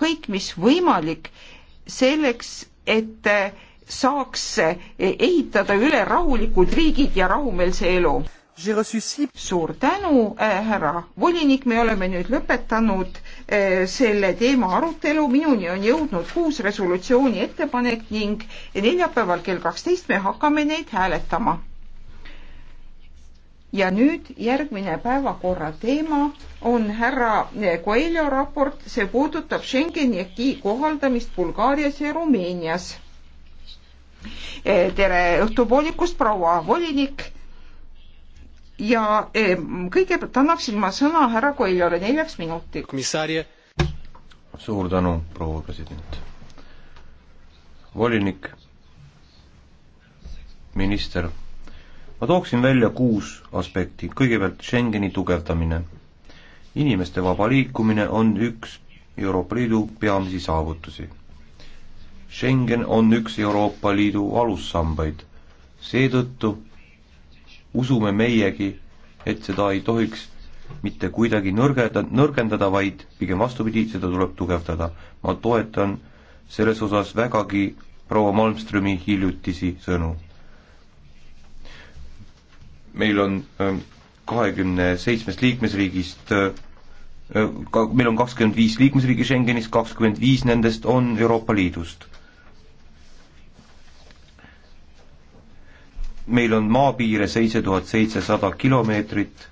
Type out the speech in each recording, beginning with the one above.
kõik, mis võimalik selleks, et äh, saaks äh, ehitada üle rahulikud riigid ja rahumeelse elu. suur tänu äh,, härra volinik, me oleme nüüd lõpetanud äh, selle teema arutelu, minuni on jõudnud kuus resolutsiooni ettepanek ning neljapäeval kell kaksteist me hakkame neid hääletama ja nüüd järgmine päevakorra teema on härra Coelho raport, see puudutab Schengeni äkki kohaldamist Bulgaarias ja Rumeenias. Eh, tere õhtupoolikust, proua volinik. ja eh, kõigepealt annaksin ma sõna härra Coelhole neljaks minutiks. suur tänu, proua president. volinik, minister ma tooksin välja kuus aspekti, kõigepealt Schengeni tugevdamine. inimeste vaba liikumine on üks Euroopa Liidu peamisi saavutusi. Schengen on üks Euroopa Liidu alussambaid, seetõttu usume meiegi, et seda ei tohiks mitte kuidagi nõrgeda, nõrgendada, vaid pigem vastupidi, seda tuleb tugevdada. ma toetan selles osas vägagi proua Malmströmi hiljutisi sõnu meil on ähm, kahekümne seitsmest liikmesriigist äh, äh, ka, meil on kakskümmend viis liikmesriigi Schengenis, kakskümmend viis nendest on Euroopa Liidust. meil on maapiire seitse tuhat seitsesada kilomeetrit,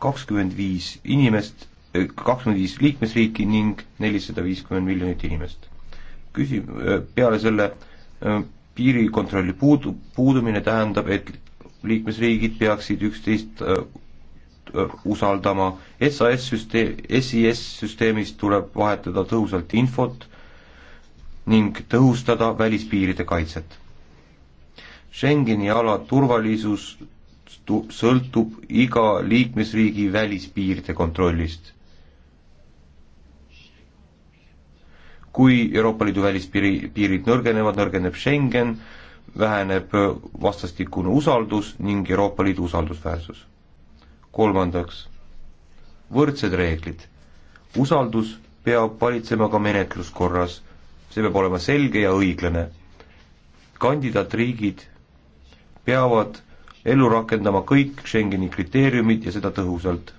kakskümmend viis inimest, äh, kakskümmend viis liikmesriiki ning nelisada viiskümmend miljonit inimest. küsi-, peale selle piirikontrolli puudu, puudumine tähendab, et liikmesriigid peaksid üksteist äh, äh, usaldama, SAS süsteem, SIS süsteemis tuleb vahetada tõhusalt infot ning tõhustada välispiiride kaitset. Schengeni ala turvalisus sõltub iga liikmesriigi välispiiride kontrollist. kui Euroopa Liidu välispiiri, piirid nõrgenevad, nõrgeneb Schengen, väheneb vastastikune usaldus ning Euroopa Liidu usaldusväärsus. kolmandaks, võrdsed reeglid. usaldus peab valitsema ka menetluskorras, see peab olema selge ja õiglane. kandidaatriigid peavad ellu rakendama kõik Schengeni kriteeriumid ja seda tõhusalt.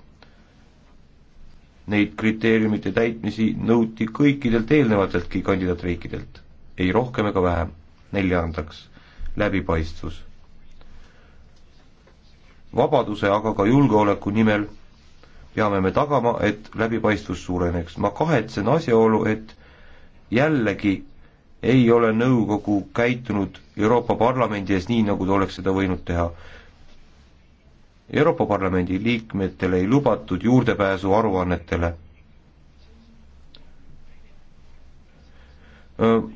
Neid kriteeriumite täitmisi nõuti kõikidelt eelnevateltki kandidaatriikidelt, ei rohkem ega vähem. neljandaks, läbipaistvus. vabaduse, aga ka julgeoleku nimel peame me tagama, et läbipaistvus suureneks. ma kahetsen asjaolu, et jällegi ei ole nõukogu käitunud Euroopa Parlamendi ees nii, nagu ta oleks seda võinud teha. Euroopa Parlamendi liikmetele ei lubatud juurdepääsu aruannetele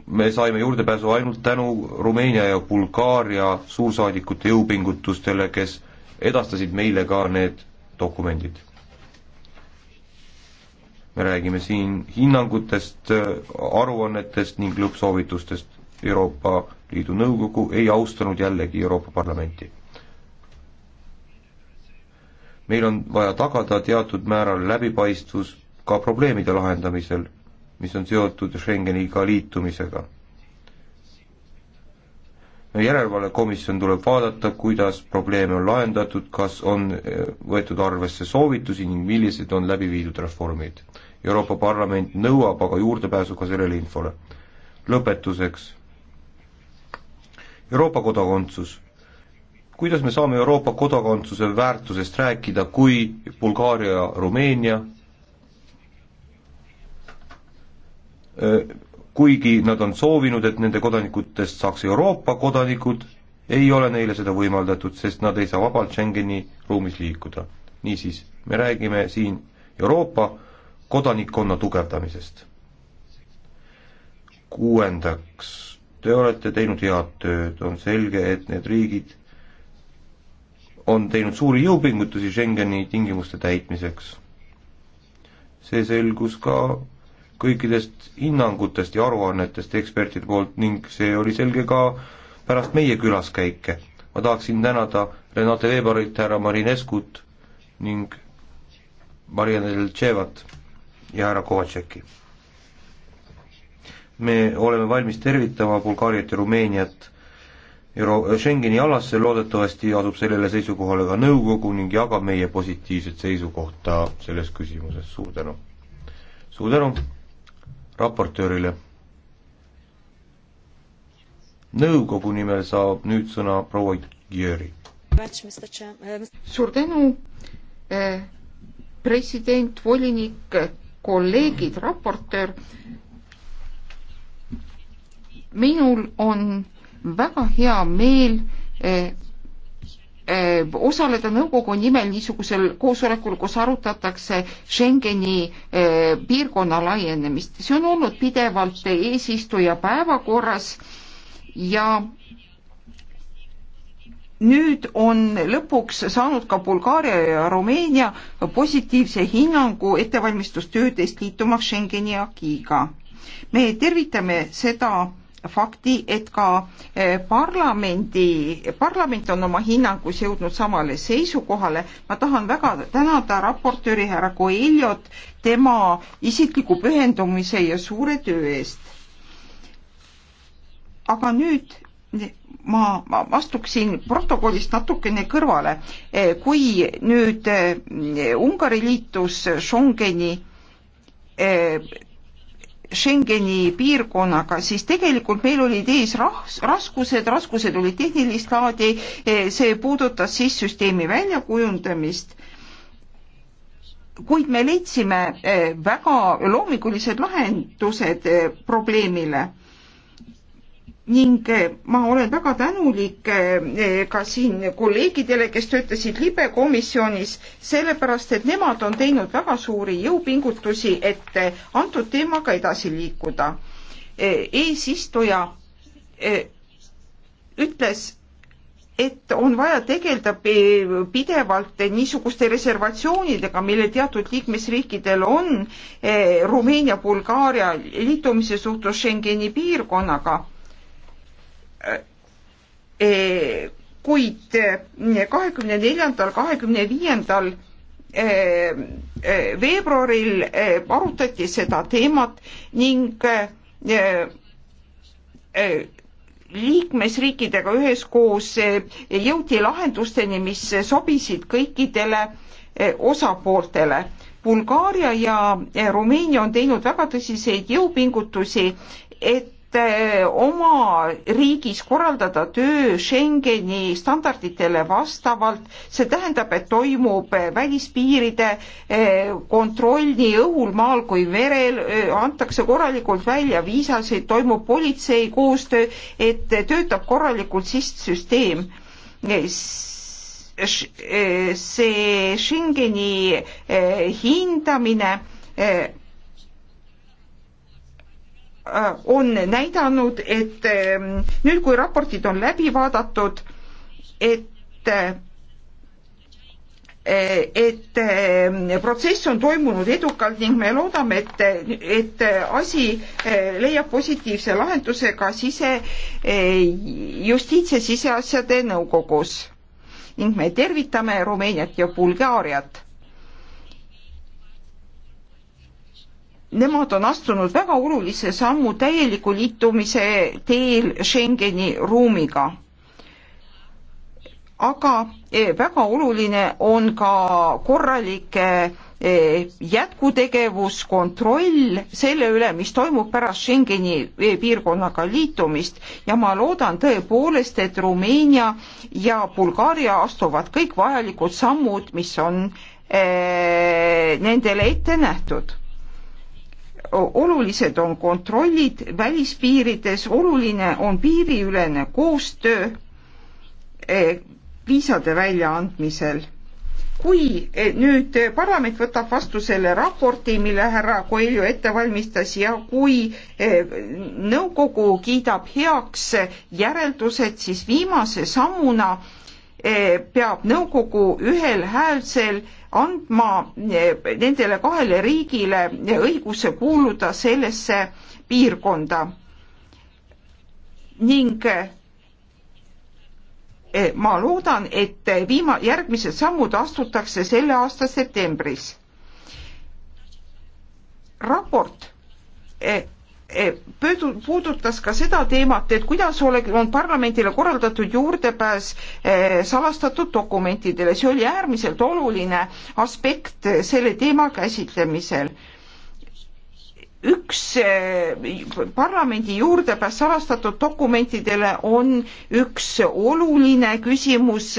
me saime juurdepääsu ainult tänu Rumeenia ja Bulgaaria suursaadikute jõupingutustele, kes edastasid meile ka need dokumendid. me räägime siin hinnangutest, aruannetest ning lõppsoovitustest. Euroopa Liidu Nõukogu ei austanud jällegi Euroopa Parlamenti. meil on vaja tagada teatud määral läbipaistvus ka probleemide lahendamisel mis on seotud Schengeniga liitumisega. järelevalvekomisjon tuleb vaadata, kuidas probleeme on lahendatud, kas on eh, võetud arvesse soovitusi ning millised on läbi viidud reformid. Euroopa Parlament nõuab aga juurdepääsu ka sellele infole. lõpetuseks. Euroopa kodakondsus kuidas me saame Euroopa kodakondsuse väärtusest rääkida, kui Bulgaaria, Rumeenia Äh, kuigi nad on soovinud, et nende kodanikutest saaks Euroopa kodanikud, ei ole neile seda võimaldatud, sest nad ei saa vabalt Schengeni ruumis liikuda. niisiis, me räägime siin Euroopa kodanikkonna tugevdamisest. kuuendaks, te olete teinud head tööd, on selge, et need riigid on teinud suuri jõupingutusi Schengeni tingimuste täitmiseks. see selgus ka kõikidest hinnangutest ja aruannetest ekspertide poolt ning see oli selge ka pärast meie külaskäike. ma tahaksin tänada Renate Veebarit, härra Marineskut ning Marianne Zeltševat ja härra Kovatšeki. me oleme valmis tervitama Bulgaariat ja Rumeeniat Euro-, Schengeni alasse loodetavasti asub sellele seisukohale ka nõukogu ning jagab meie positiivset seisukohta selles küsimuses, suur tänu! suur tänu! raportöörile. nõukogu nimel saab nüüd sõna proua Jüri. suur tänu, eh, president, volinik, kolleegid, raportöör. minul on väga hea meel eh, Äh, osaleda nõukogu nimel niisugusel koosolekul, kus arutatakse Schengeni äh, piirkonna laienemist. see on olnud pidevalt eesistuja päevakorras ja nüüd on lõpuks saanud ka Bulgaaria ja Rumeenia positiivse hinnangu ettevalmistustöödest liitumaks Schengeni agiga. me tervitame seda fakti, et ka eh, parlamendi, parlament on oma hinnangus jõudnud samale seisukohale. ma tahan väga tänada raportööri härra Koeljot tema isikliku pühendumise ja suure töö eest. aga nüüd ma, ma astuksin protokollist natukene kõrvale. Eh, kui nüüd eh, Ungari liitus Schengeni Schengeni piirkonnaga, siis tegelikult meil olid ees rahs-, raskused, raskused olid tehnilist laadi, eh, see puudutas siis süsteemi väljakujundamist, kuid me leidsime eh, väga loomingulised lahendused eh, probleemile ning eh, ma olen väga tänulik eh, eh, ka siin kolleegidele, kes töötasid libe komisjonis, sellepärast et nemad on teinud väga suuri jõupingutusi, et antud teemaga edasi liikuda. eesistuja ütles, et on vaja tegeleda pidevalt niisuguste reservatsioonidega, mille teatud liikmesriikidel on Rumeenia, Bulgaaria liitumise suhtes Schengeni piirkonnaga Äh, eh, kuid äh, kahekümne neljandal, kahekümne viiendal äh, veebruaril arutati seda teemat ning liikmesriikidega üheskoos jõuti lahendusteni, mis sobisid kõikidele osapooltele. Bulgaaria ja Rumeenia on teinud väga tõsiseid jõupingutusi, et Eh, oma riigis korraldada töö Schengeni standarditele vastavalt, see tähendab, et toimub eh, välispiiride eh, kontroll nii õhul, maal kui merel, antakse korralikult välja viisasid, toimub politsei koostöö, et töötab korralikult sist-süsteem see Schengeni hindamine Äh, on näidanud, et ähm, nüüd, kui raportid on läbi vaadatud, et äh, et ähm, protsess on toimunud edukalt ning me loodame, et, et asi äh, leiab positiivse lahenduse ka sise, justiits- ja siseasjade nõukogus. ning me tervitame Rumeeniat ja Bulgaariat nemad on astunud väga olulise sammu täieliku liitumise teel Schengeni ruumiga. aga e, väga oluline on ka korralike e, jätkutegevus, kontroll selle üle, mis toimub pärast Schengeni e, piirkonnaga liitumist ja ma loodan tõepoolest, et Rumeenia ja Bulgaaria astuvad kõik vajalikud sammud, mis on eh, nendele ette nähtud olulised on kontrollid välispiirides, oluline on piiriülene koostöö eh, viisade väljaandmisel kui eh, nüüd parlament võtab vastu selle raporti, mille härra Koelju ette valmistas ja kui eh, nõukogu kiidab heaks järeldused, siis viimase sammuna peab nõukogu ühel häälsel andma eh, nendele kahele riigile eh, õiguse kuuluda sellesse piirkonda ning eh, ma loodan, et viima-, järgmised sammud astutakse selle aasta septembris. raport Eh, puudutas ka seda teemat, et kuidas ole, on parlamendile korraldatud juurdepääs eh, salastatud dokumentidele, see oli äärmiselt oluline aspekt selle teema käsitlemisel üks eh, parlamendi juurdepääs salastatud dokumentidele on üks oluline küsimus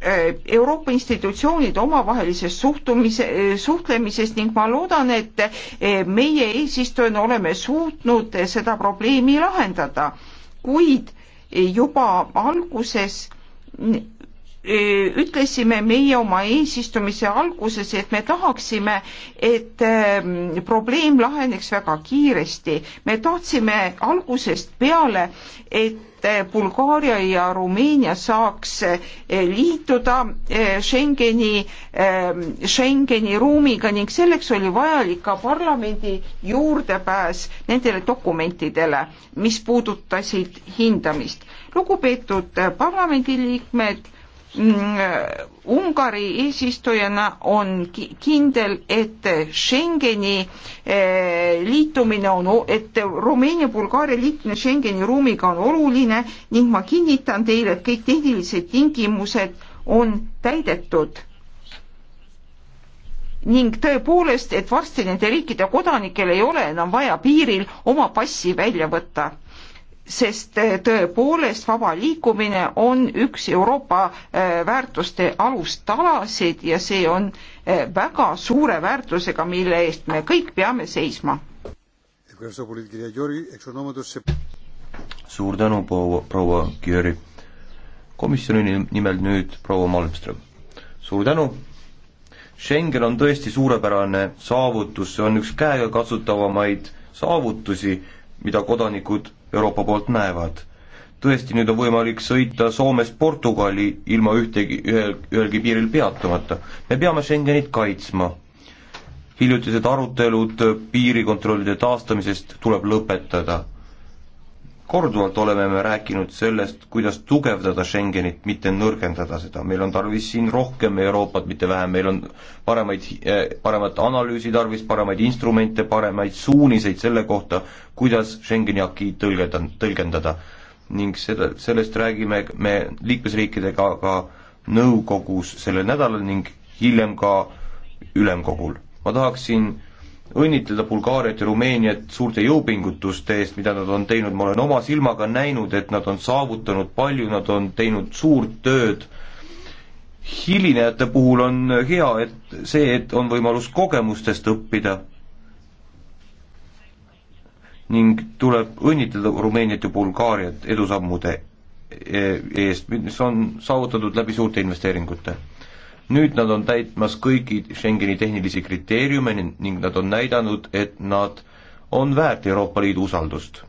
Äh, Euroopa institutsioonide omavahelises suhtumise, äh, suhtlemises ning ma loodan, et äh, meie eesistujana oleme suutnud seda probleemi lahendada, kuid juba alguses ütlesime meie oma eesistumise alguses, et me tahaksime, et ähm, probleem laheneks väga kiiresti. me tahtsime algusest peale, et et eh, Bulgaaria ja Rumeenia saaks eh, liituda eh, Schengeni, Schengeni ruumiga ning selleks oli vajalik ka parlamendi juurdepääs nendele dokumentidele, mis puudutasid hindamist. lugupeetud parlamendiliikmed Mm, äh, Ungari eesistujana on kindel, et Schengeni äh, liitumine on, et Rumeenia-Bulgaaria liitumine Schengeni ruumiga on oluline ning ma kinnitan teile, et kõik tehnilised tingimused on täidetud. ning tõepoolest, et varsti nende riikide kodanikel ei ole enam vaja piiril oma passi välja võtta sest eh, tõepoolest vaba liikumine on üks Euroopa eh, väärtuste alustalasid ja see on eh, väga suure väärtusega, mille eest me kõik peame seisma. suur tänu, proua, proua Jüri. komisjoni nimel nüüd proua Malmström. suur tänu. Schengen on tõesti suurepärane saavutus, see on üks käegakatsutavamaid saavutusi, mida kodanikud Euroopa poolt näevad. tõesti, nüüd on võimalik sõita Soomest Portugali ilma ühtegi, ühel, ühelgi piiril peatumata. me peame Schengenit kaitsma. hiljutised arutelud piirikontrollide taastamisest tuleb lõpetada korduvalt oleme me rääkinud sellest, kuidas tugevdada Schengenit, mitte nõrgendada seda, meil on tarvis siin rohkem Euroopat, mitte vähem, meil on paremaid, eh, paremat analüüsi tarvis, paremaid instrumente, paremaid suuniseid selle kohta, kuidas Schengeni aki tõlgeda, tõlgendada. ning seda, sellest räägime me liikmesriikidega ka nõukogus sellel nädalal ning hiljem ka ülemkogul. ma tahaksin õnnitleda Bulgaariat ja Rumeeniat suurte jõupingutuste eest, mida nad on teinud, ma olen oma silmaga näinud, et nad on saavutanud palju, nad on teinud suurt tööd, hilinejate puhul on hea, et see, et on võimalus kogemustest õppida ning tuleb õnnitleda Rumeeniat ja Bulgaariat edusammude e-, eest, mis on saavutatud läbi suurte investeeringute nüüd nad on täitmas kõiki Schengeni tehnilisi kriteeriume ning nad on näidanud, et nad on väärt Euroopa Liidu usaldust.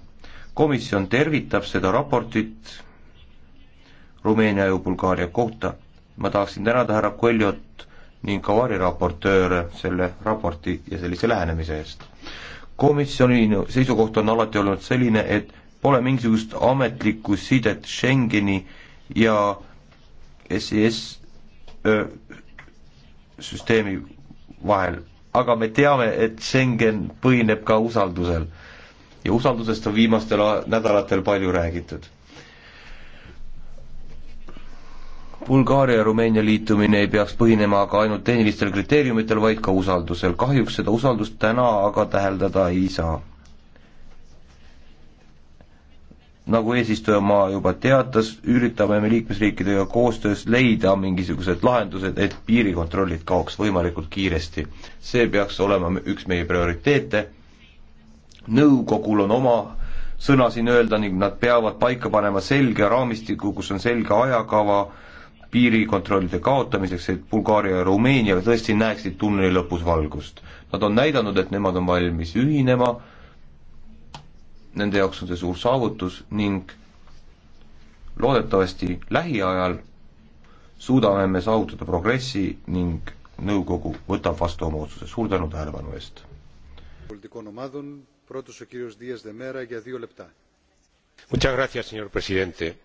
komisjon tervitab seda raportit Rumeenia ja Bulgaaria kohta. ma tahaksin tänada härra Koljot ning ka variraportööre selle raporti ja sellise lähenemise eest. komisjoni seisukoht on alati olnud selline, et pole mingisugust ametlikku sidet Schengeni ja SES e öö, süsteemi vahel, aga me teame, et Schengen põhineb ka usaldusel. ja usaldusest on viimastel nädalatel palju räägitud. Bulgaaria ja Rumeenia liitumine ei peaks põhinema aga ainult tehnilistel kriteeriumitel, vaid ka usaldusel. kahjuks seda usaldust täna aga täheldada ei saa nagu eesistujamaa juba teatas, üritame me liikmesriikidega koostöös leida mingisugused lahendused, et piirikontrollid kaoks võimalikult kiiresti. see peaks olema üks meie prioriteete, nõukogul on oma sõna siin öelda ning nad peavad paika panema selge raamistiku, kus on selge ajakava piirikontrollide kaotamiseks, et Bulgaaria ja Rumeenia tõesti näeksid tunneli lõpus valgust. Nad on näidanud, et nemad on valmis ühinema, nende jaoks on see suur saavutus ning loodetavasti lähiajal suudame me saavutada progressi ning nõukogu võtab vastu oma otsuse. suur tänu tähelepanu eest! señor presidente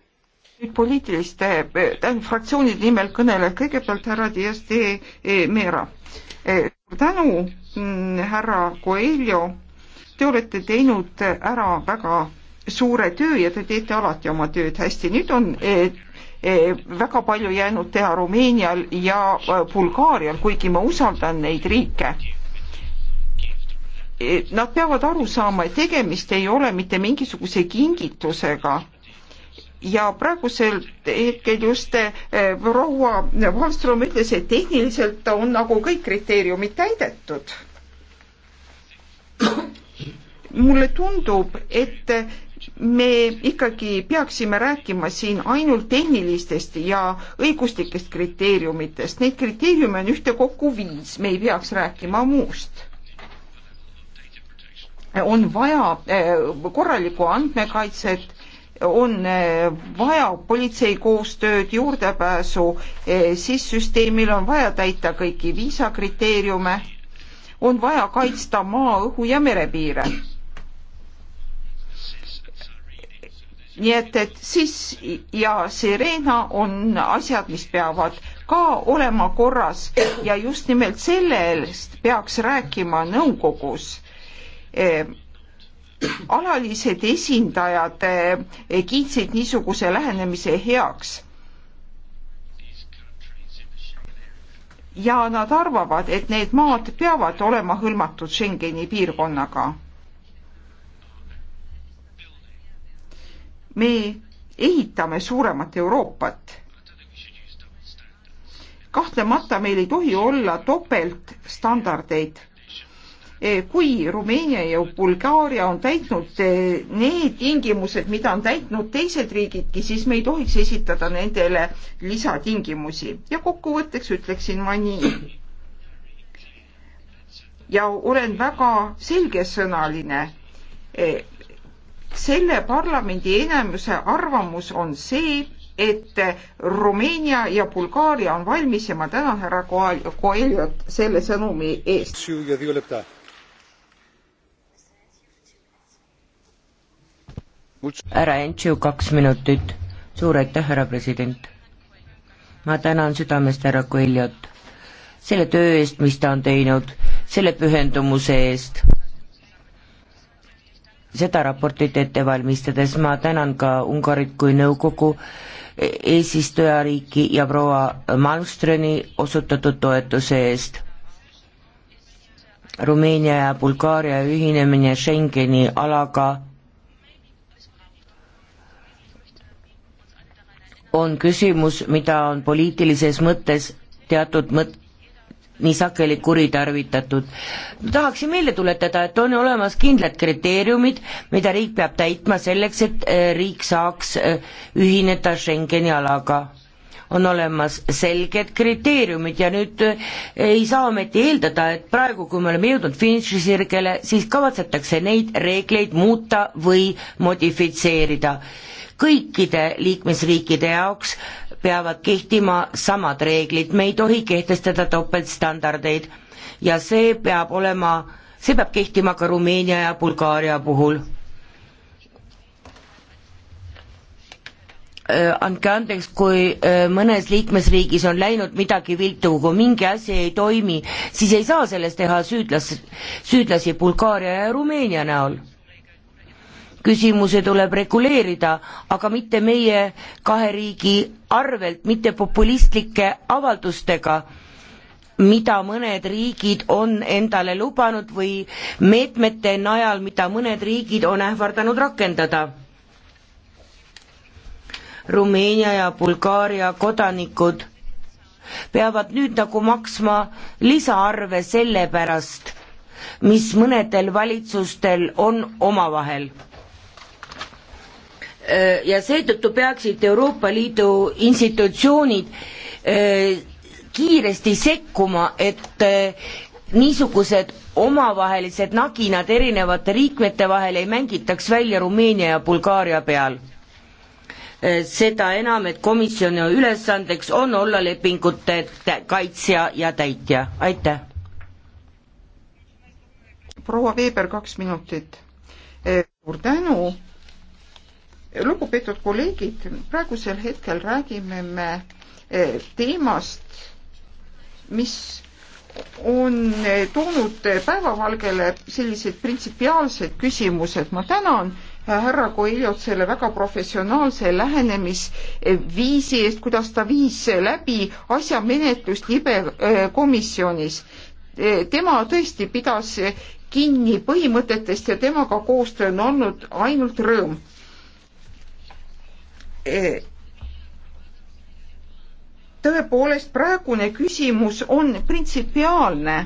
poliitiliste tähendab fraktsioonide nimel kõneleb kõigepealt härra Dias de Mera. Eh, suur tänu, mm, härra Coelho Te olete teinud ära väga suure töö ja te teete alati oma tööd hästi. nüüd on eh, eh, väga palju jäänud teha Rumeenial ja eh, Bulgaarial, kuigi ma usaldan neid riike. Nad peavad aru saama, et tegemist ei ole mitte mingisuguse kingitusega ja praegusel hetkel just proua Wallström ütles, et tehniliselt on nagu kõik kriteeriumid täidetud mulle tundub, et me ikkagi peaksime rääkima siin ainult tehnilistest ja õiguslikest kriteeriumitest. Neid kriteeriume on ühtekokku viis, me ei peaks rääkima muust. on vaja eh, korralikku andmekaitset, on eh, vaja politsei koostööd, juurdepääsu eh, siis süsteemil, on vaja täita kõiki viisakriteeriume, on vaja kaitsta maa, õhu ja merepiire nii et, et siis ja Sirena on asjad, mis peavad ka olema korras ja just nimelt sellest peaks rääkima nõukogus e,. alalised esindajad e, kiitsid niisuguse lähenemise heaks. ja nad arvavad, et need maad peavad olema hõlmatud Schengeni piirkonnaga me ehitame suuremat Euroopat. kahtlemata meil ei tohi olla topeltstandardeid. E, kui Rumeenia ja Bulgaaria on täitnud e, need tingimused, mida on täitnud teised riigidki, siis me ei tohiks esitada nendele lisatingimusi ja kokkuvõtteks ütleksin ma nii ja olen väga selgesõnaline e, selle parlamendi enamuse arvamus on see, et Rumeenia ja Bulgaaria on valmis ja ma tänan härra Koeljot selle sõnumi eest. härra Entšiu, kaks minutit. suur aitäh, härra president. ma tänan südamest härra Koeljot selle töö eest, mis ta on teinud, selle pühendumuse eest seda raportit ette valmistades ma tänan ka Ungarit kui nõukogu e-, eesistujariiki ja proua Malmströmi osutatud toetuse eest. Rumeenia ja Bulgaaria ühinemine Schengeni alaga on küsimus, mida on poliitilises mõttes teatud mõt-, nii sageli kuritarvitatud. tahaksin meelde tuletada, et on olemas kindlad kriteeriumid, mida riik peab täitma selleks, et äh, riik saaks äh, ühineda Schengeni alaga. on olemas selged kriteeriumid ja nüüd äh, ei saa ometi eeldada, et praegu, kui me oleme jõudnud finišisirgele, siis kavatsetakse neid reegleid muuta või modifitseerida kõikide liikmesriikide jaoks peavad kehtima samad reeglid, me ei tohi kehtestada topeltstandardeid ja see peab olema, see peab kehtima ka Rumeenia ja Bulgaaria puhul. Äh, andke andeks, kui äh, mõnes liikmesriigis on läinud midagi viltu, kui mingi asi ei toimi, siis ei saa selles teha süüdlas, süüdlasi Bulgaaria ja Rumeenia näol küsimusi tuleb reguleerida, aga mitte meie kahe riigi arvelt, mitte populistlike avaldustega, mida mõned riigid on endale lubanud või meetmete najal, mida mõned riigid on ähvardanud rakendada. Rumeenia ja Bulgaaria kodanikud peavad nüüd nagu maksma lisaarve selle pärast, mis mõnedel valitsustel on omavahel Äh, ja seetõttu peaksid Euroopa Liidu institutsioonid äh, kiiresti sekkuma, et äh, niisugused omavahelised naginad erinevate liikmete vahel ei mängitaks välja Rumeenia ja Bulgaaria peal. seda enam, et komisjoni ülesandeks on olla lepingute kaitsja ja täitja, aitäh. proua Veeber, kaks minutit. suur tänu lugupeetud kolleegid, praegusel hetkel räägime me eh, teemast, mis on eh, toonud päevavalgele sellised printsipiaalsed küsimused. ma tänan härra Koiljot selle väga professionaalse lähenemisviisi eest, kuidas ta viis läbi asja menetlust libe komisjonis. Eh, tema tõesti pidas kinni põhimõtetest ja temaga koostöö on olnud ainult rõõm Eh, tõepoolest praegune küsimus on printsipiaalne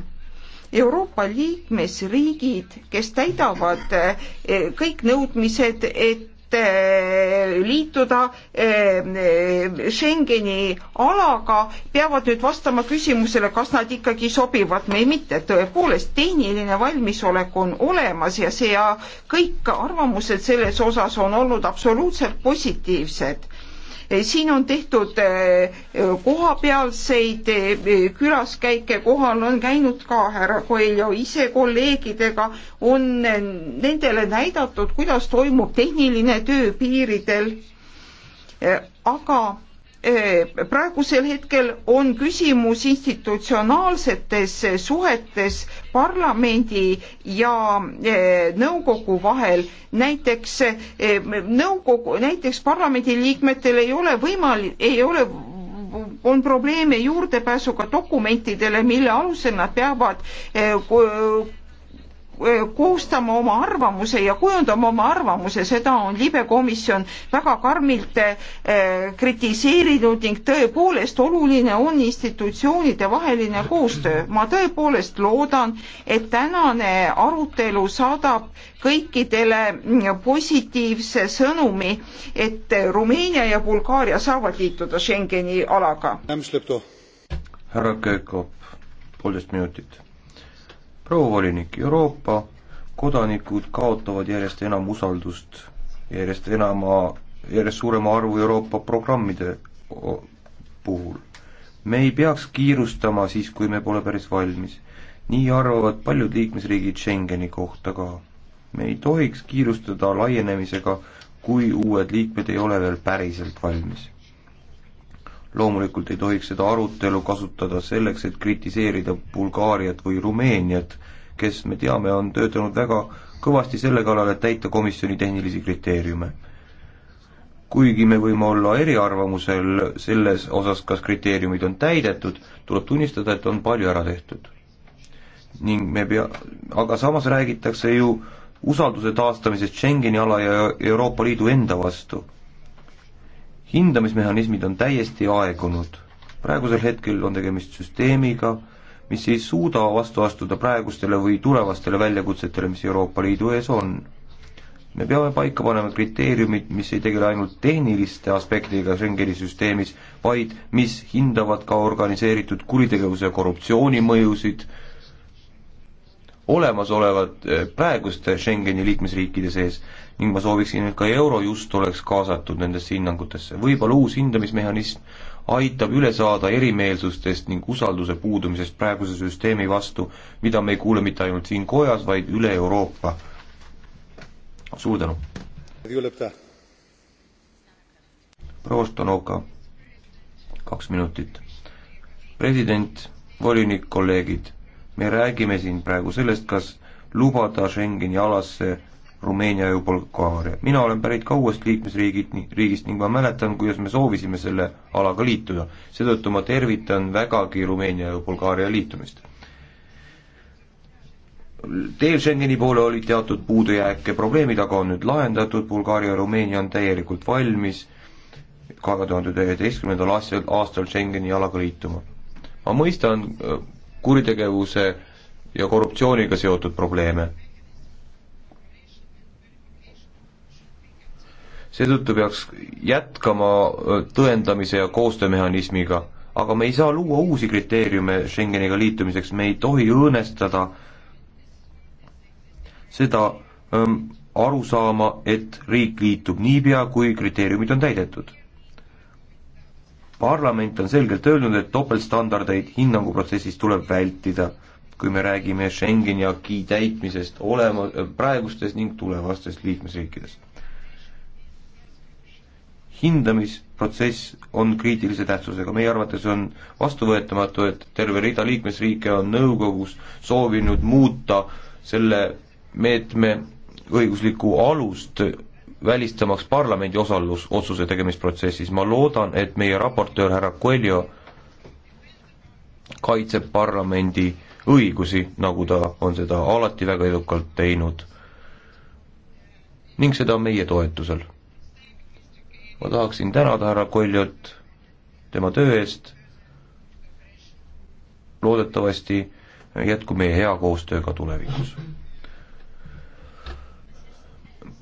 Euroopa liikmesriigid, kes täidavad eh, kõik nõudmised, et et eh, liituda eh, eh, Schengeni alaga, peavad nüüd vastama küsimusele, kas nad ikkagi sobivad või mitte. tõepoolest, tehniline valmisolek on olemas ja see ja kõik arvamused selles osas on olnud absoluutselt positiivsed Eh, siin on tehtud eh, eh, kohapealseid külaskäike, kohal on käinud ka härra Koeljo ise kolleegidega, on nendele näidatud, kuidas toimub tehniline töö piiridel, aga Eh, praegusel hetkel on küsimus institutsionaalsetes suhetes parlamendi ja eh, nõukogu vahel. näiteks eh, nõukogu, näiteks parlamendiliikmetel ei ole võimalik, ei ole on probleeme juurdepääsuga dokumentidele, mille alusel nad peavad koostama oma arvamuse ja kujundama oma arvamuse, seda on libe komisjon väga karmilt kritiseerinud ning tõepoolest oluline on institutsioonide vaheline koostöö. ma tõepoolest loodan, et tänane arutelu saadab kõikidele mm, positiivse sõnumi, et Rumeenia ja Bulgaaria saavad liituda Schengeni alaga. härra Köökop, poolteist minutit proua volinik, Euroopa kodanikud kaotavad järjest enam usaldust, järjest enama, järjest suurema arvu Euroopa programmide puhul. me ei peaks kiirustama siis, kui me pole päris valmis. nii arvavad paljud liikmesriigid Schengeni kohta ka. me ei tohiks kiirustada laienemisega, kui uued liikmed ei ole veel päriselt valmis loomulikult ei tohiks seda arutelu kasutada selleks, et kritiseerida Bulgaariat või Rumeeniat, kes, me teame, on töötanud väga kõvasti selle kallal, et täita komisjoni tehnilisi kriteeriume. kuigi me võime olla eriarvamusel selles osas, kas kriteeriumid on täidetud, tuleb tunnistada, et on palju ära tehtud. ning me pea, aga samas räägitakse ju usalduse taastamisest Schengeni ala ja Euroopa Liidu enda vastu hindamismehhanismid on täiesti aegunud. praegusel hetkel on tegemist süsteemiga, mis ei suuda vastu astuda praegustele või tulevastele väljakutsetele, mis Euroopa Liidu ees on. me peame paika panema kriteeriumid, mis ei tegele ainult tehniliste aspektidega Schengeni süsteemis, vaid mis hindavad ka organiseeritud kuritegevuse ja korruptsiooni mõjusid, olemasolevad eh, praeguste Schengeni liikmesriikide sees ning ma sooviksin, et ka Eurojust oleks kaasatud nendesse hinnangutesse. võib-olla uus hindamismehhanism aitab üle saada erimeelsustest ning usalduse puudumisest praeguse süsteemi vastu, mida me ei kuule mitte ainult siin kojas, vaid üle Euroopa. suur tänu! proua Stanoka, kaks minutit. president, volinik, kolleegid me räägime siin praegu sellest, kas lubada Schengeni alasse Rumeenia ja Bulgaaria. mina olen pärit ka uuest liikmesriigid, riigist ning ma mäletan, kuidas me soovisime selle alaga liituda. seetõttu ma tervitan vägagi Rumeenia ja Bulgaaria liitumist. teel Schengeni poole oli teatud puudujääke, probleemid aga on nüüd lahendatud, Bulgaaria ja Rumeenia on täielikult valmis kahe tuhande üheteistkümnendal aastal Schengeni alaga liituma. ma mõistan kuritegevuse ja korruptsiooniga seotud probleeme. seetõttu peaks jätkama tõendamise ja koostöömehhanismiga, aga me ei saa luua uusi kriteeriume Schengeniga liitumiseks, me ei tohi õõnestada seda ähm, arusaama, et riik liitub niipea, kui kriteeriumid on täidetud parlament on selgelt öelnud, et topeltstandardeid hinnanguprotsessis tuleb vältida, kui me räägime Schengeni aki täitmisest olema, äh, praegustes ning tulevastes liikmesriikides. hindamisprotsess on kriitilise tähtsusega, meie arvates on vastuvõetamatu, et terve rida liikmesriike on nõukogus soovinud muuta selle meetme õiguslikku alust välistamaks parlamendi osalus otsuse tegemisprotsessis, ma loodan, et meie raportöör härra Coelho kaitseb parlamendi õigusi, nagu ta on seda alati väga edukalt teinud ning seda meie toetusel. ma tahaksin tänada härra Koljot tema töö eest, loodetavasti jätkub meie hea koostöö ka tulevikus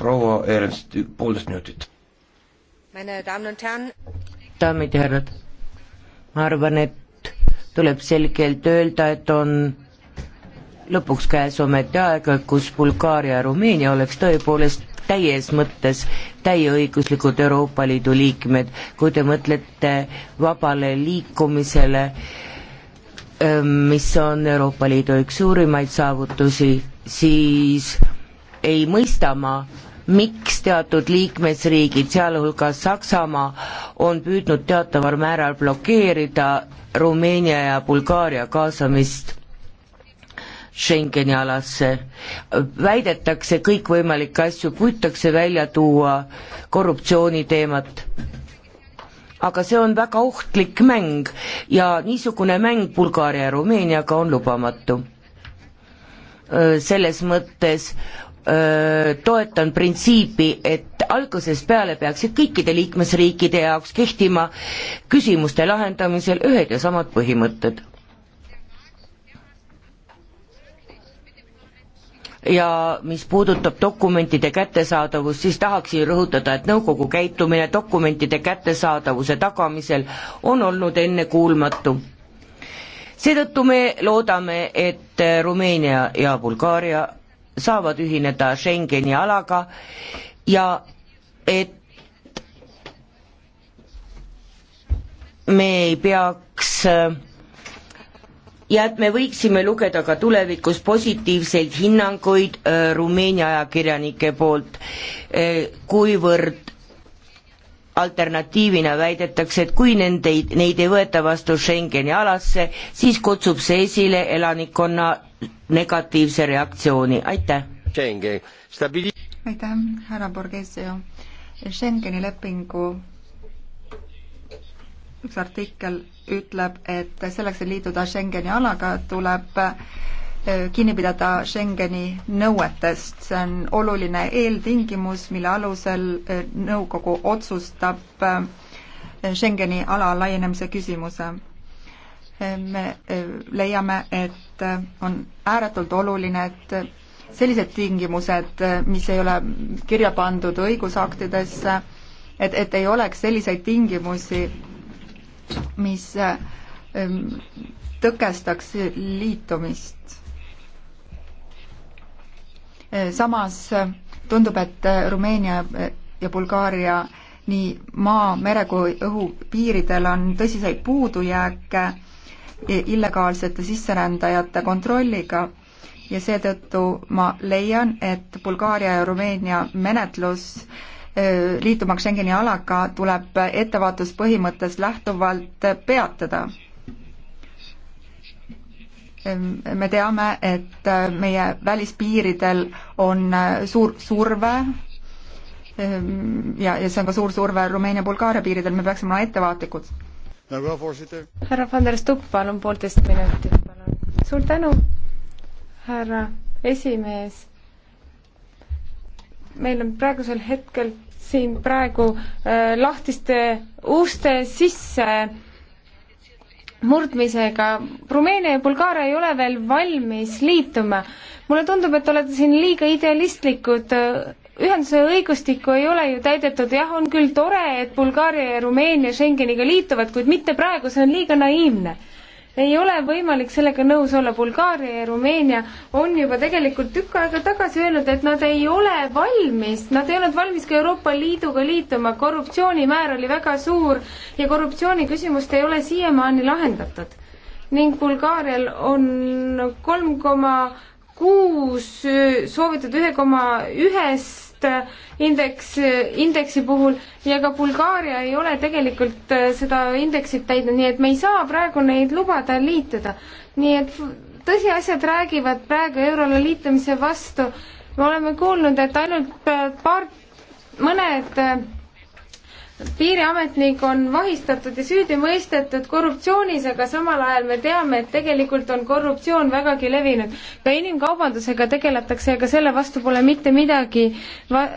proua Ernst, poolteist minutit. daamid ja härrad, ma arvan, et tuleb selgelt öelda, et on lõpuks käes ometi aega, kus Bulgaaria ja Rumeenia oleks tõepoolest täies mõttes täieõiguslikud Euroopa Liidu liikmed, kui te mõtlete vabale liikumisele, mis on Euroopa Liidu üks suurimaid saavutusi, siis ei mõista ma, miks teatud liikmesriigid, sealhulgas Saksamaa, on püüdnud teataval määral blokeerida Rumeenia ja Bulgaaria kaasamist Schengeni alasse. väidetakse kõikvõimalikke asju, püütakse välja tuua korruptsiooniteemat. aga see on väga ohtlik mäng ja niisugune mäng Bulgaaria ja Rumeeniaga on lubamatu selles mõttes toetan printsiipi, et algusest peale peaksid kõikide liikmesriikide jaoks kehtima küsimuste lahendamisel ühed ja samad põhimõtted. ja mis puudutab dokumentide kättesaadavust, siis tahaksin rõhutada, et nõukogu käitumine dokumentide kättesaadavuse tagamisel on olnud ennekuulmatu seetõttu me loodame, et Rumeenia ja Bulgaaria saavad ühineda Schengeni alaga ja et me ei peaks ja et me võiksime lugeda ka tulevikus positiivseid hinnanguid äh, Rumeenia ajakirjanike poolt, äh, kuivõrd alternatiivina väidetakse, et kui nende, neid ei võeta vastu Schengeni alasse, siis kutsub see esile elanikkonna negatiivse reaktsiooni, aitäh! aitäh, härra Borghese. Schengeni lepingu üks artikkel ütleb, et selleks, et liituda Schengeni alaga, tuleb eh, kinni pidada Schengeni nõuetest. see on oluline eeltingimus, mille alusel eh, nõukogu otsustab eh, Schengeni ala laienemise küsimuse me eh, leiame, et eh, on ääretult oluline, et sellised tingimused, eh, mis ei ole kirja pandud õigusaktidesse, et, et ei oleks selliseid tingimusi, mis tõkestaks liitumist. samas tundub, et Rumeenia ja Bulgaaria nii maa, mere kui õhupiiridel on tõsiseid puudujääke illegaalsete sisserändajate kontrolliga ja seetõttu ma leian, et Bulgaaria ja Rumeenia menetlus liitumaks Schengeni alaga tuleb ettevaatuspõhimõttest lähtuvalt peatada. me teame, et meie välispiiridel on suur surve ja, ja see on ka suur surve Rumeenia-Bulgaaria piiridel, me peaksime olema ettevaatlikud Nagu härra van der Stubb, palun poolteist minutit, palun. suur tänu, härra esimees. meil on praegusel hetkel siin praegu äh, lahtiste uste sisse äh, murdmisega. Rumeenia ja Bulgaaria ei ole veel valmis liituma. mulle tundub, et olete siin liiga idealistlikud äh, ühenduse õigustikku ei ole ju täidetud, jah, on küll tore, et Bulgaaria ja Rumeenia Schengeniga liituvad, kuid mitte praegu, see on liiga naiivne. ei ole võimalik sellega nõus olla, Bulgaaria ja Rumeenia on juba tegelikult tükk aega tagasi öelnud, et nad ei ole valmis, nad ei olnud valmis ka Euroopa Liiduga liituma, korruptsioonimäär oli väga suur ja korruptsiooniküsimust ei ole siiamaani lahendatud. ning Bulgaarial on kolm koma kuus soovitud ühe koma ühest tegemist äh, indeks, äh, indeksi puhul ja ka Bulgaaria ei ole tegelikult äh, seda indeksit täidnud, nii et me ei saa praegu neid lubada liituda. nii et tõsiasjad räägivad praegu eurole liitumise vastu. me oleme kuulnud, et ainult paar, mõned piiriametnik on vahistatud ja süüdi mõistetud korruptsioonis, aga samal ajal me teame, et tegelikult on korruptsioon vägagi levinud. ka inimkaubandusega tegeletakse ja ka selle vastu pole mitte midagi va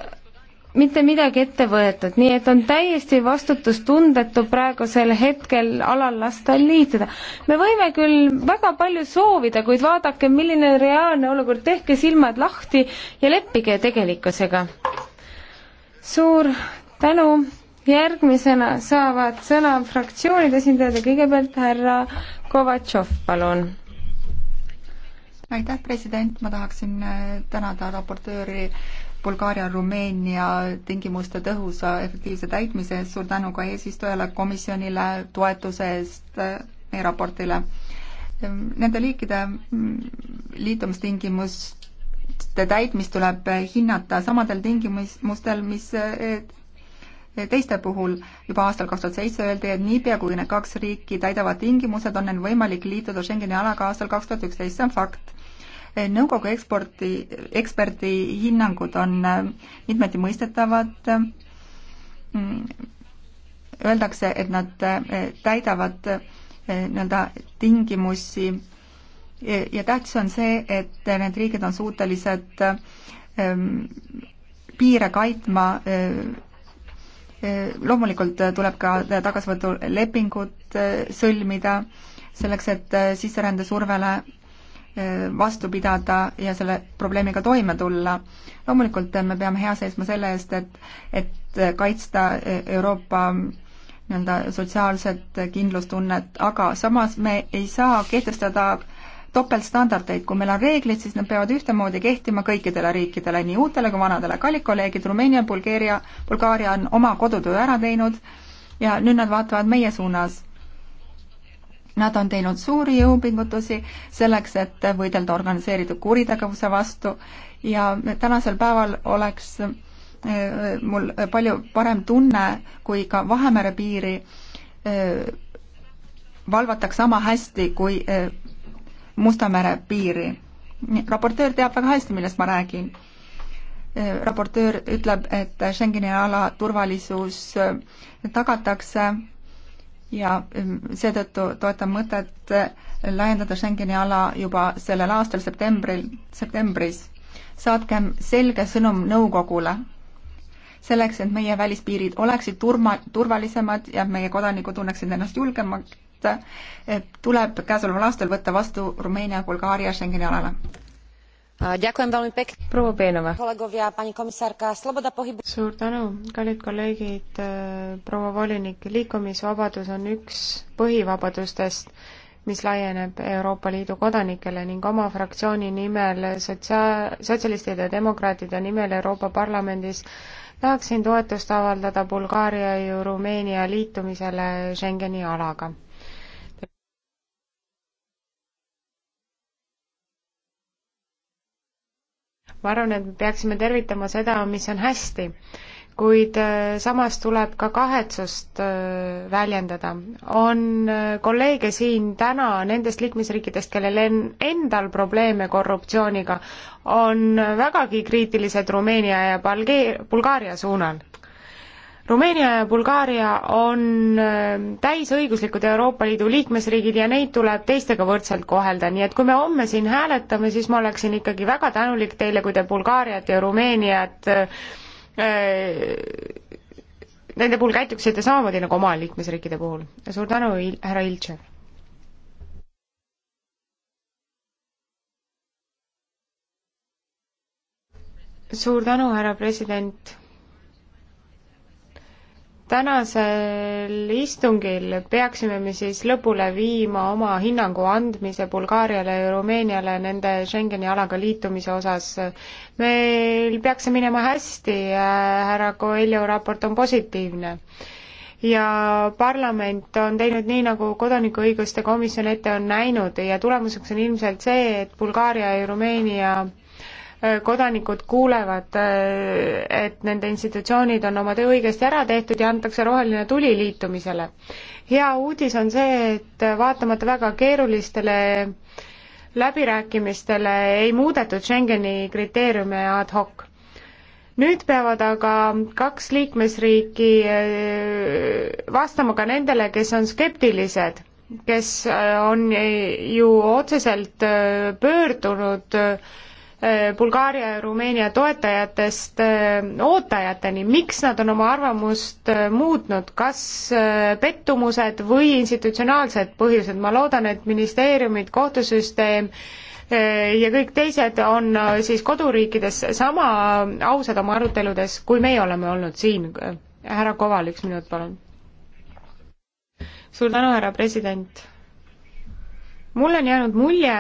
mitte midagi ette võetud, nii et on täiesti vastutustundetu praegusel hetkel alal lasta liituda. me võime küll väga palju soovida, kuid vaadake, milline on reaalne olukord, tehke silmad lahti ja leppige tegelikkusega. suur tänu järgmisena saavad sõna fraktsioonide esindajad ja kõigepealt härra Kovatšov, palun. aitäh, president, ma tahaksin äh, tänada raportööri Bulgaaria, Rumeenia tingimuste tõhusa efektiivse täitmise eest, suur tänu ka eesistujale, komisjonile toetuse eest äh, meie raportile. Ähm, nende liikide mm, liitumistingimuste täitmist tuleb äh, hinnata samadel tingimustel, mis teiste puhul juba aastal kaks tuhat seitse öeldi, et niipea, kui need kaks riiki täidavad tingimused, on neil võimalik liituda Schengeni alaga aastal kaks tuhat üksteist, see on fakt. Eh, nõukogu ekspordi, eksperdi hinnangud on eh, mitmeti mõistetavad, mm, öeldakse, et nad eh, täidavad nii-öelda tingimusi ja tähtis on see, et need riigid on suutelised piire kaitma loomulikult tuleb ka tagasivõtulepingut äh, sõlmida selleks, et äh, sisserände survele äh, vastu pidada ja selle probleemiga toime tulla. loomulikult me peame hea seisma selle eest, et, et kaitsta Euroopa nii-öelda sotsiaalset kindlustunnet, aga samas me ei saa kehtestada äh, topeltstandardeid, kui meil on reeglid, siis nad peavad ühtemoodi kehtima kõikidele riikidele, nii uutele kui vanadele. kallid kolleegid, Rumeenia, Bulgeeria, Bulgaaria on oma kodutöö ära teinud ja nüüd nad vaatavad meie suunas. Nad on teinud suuri jõupingutusi selleks, et võidelda organiseeritud kuritegevuse vastu ja tänasel päeval oleks eh, mul palju parem tunne, kui ka Vahemere piiri eh, valvatakse sama hästi, kui eh, Musta mere piiri. raportöör teab väga hästi, millest ma räägin. raportöör ütleb, et Schengeni ala turvalisus äh, tagatakse ja ähm, seetõttu toetan mõtet äh, laiendada Schengeni ala juba sellel aastal septembril, septembris. saatkem selge sõnum nõukogule selleks, et meie välispiirid oleksid turma, turvalisemad ja meie kodanikud tunneksid ennast julgemalt tuleb käesoleval aastal võtta vastu Rumeenia ja Bulgaaria Schengeni alale. proua Peenova. suur tänu, kallid kolleegid, äh, proua volinik, liikumisvabadus on üks põhivabadustest mis laieneb Euroopa Liidu kodanikele ning oma fraktsiooni nimel sotsia-, sotsialistide ja demokraatide nimel Euroopa Parlamendis tahaksin toetust avaldada Bulgaaria ja Rumeenia liitumisele Schengeni alaga ma arvan, et me peaksime tervitama seda, mis on hästi, kuid äh, samas tuleb ka kahetsust äh, väljendada. on äh, kolleege siin täna nendest liikmesriikidest, kellel en-, endal probleeme korruptsiooniga, on vägagi kriitilised Rumeenia ja Balge-, Bulgaaria suunal Rumeenia ja Bulgaaria on äh, täisõiguslikud Euroopa Liidu liikmesriigid ja neid tuleb teistega võrdselt kohelda, nii et kui me homme siin hääletame, siis ma oleksin ikkagi väga tänulik teile, kui te Bulgaariat ja Rumeeniat äh, äh, Nende puhul käituksite samamoodi nagu oma liikmesriikide puhul. suur tänu, härra Iltšev! suur tänu, härra president! tänasel istungil peaksime me siis lõpule viima oma hinnangu andmise Bulgaariale ja Rumeeniale nende Schengeni alaga liitumise osas. meil peaks see minema hästi, härra Coelho raport on positiivne. ja parlament on teinud nii, nagu kodanikuõiguste komisjon ette on näinud ja tulemuseks on ilmselt see, et Bulgaaria ja Rumeenia kodanikud kuulevad, et nende institutsioonid on oma töö õigesti ära tehtud ja antakse roheline tuli liitumisele. hea uudis on see, et vaatamata väga keerulistele läbirääkimistele ei muudetud Schengeni kriteeriume ad hoc. nüüd peavad aga kaks liikmesriiki eh, vastama ka nendele, kes on skeptilised kes eh, on ju otseselt eh, pöördunud Äh, Bulgaaria ja Rumeenia toetajatest äh, ootajateni, miks nad on oma arvamust äh, muutnud, kas pettumused või institutsionaalsed põhjused, ma loodan, et ministeeriumid, kohtusüsteem ja kõik teised on siis koduriikides sama ausad oma aruteludes, kui meie oleme olnud siin. härra Koval, üks minut, palun. suur tänu, härra president. mul on jäänud mulje,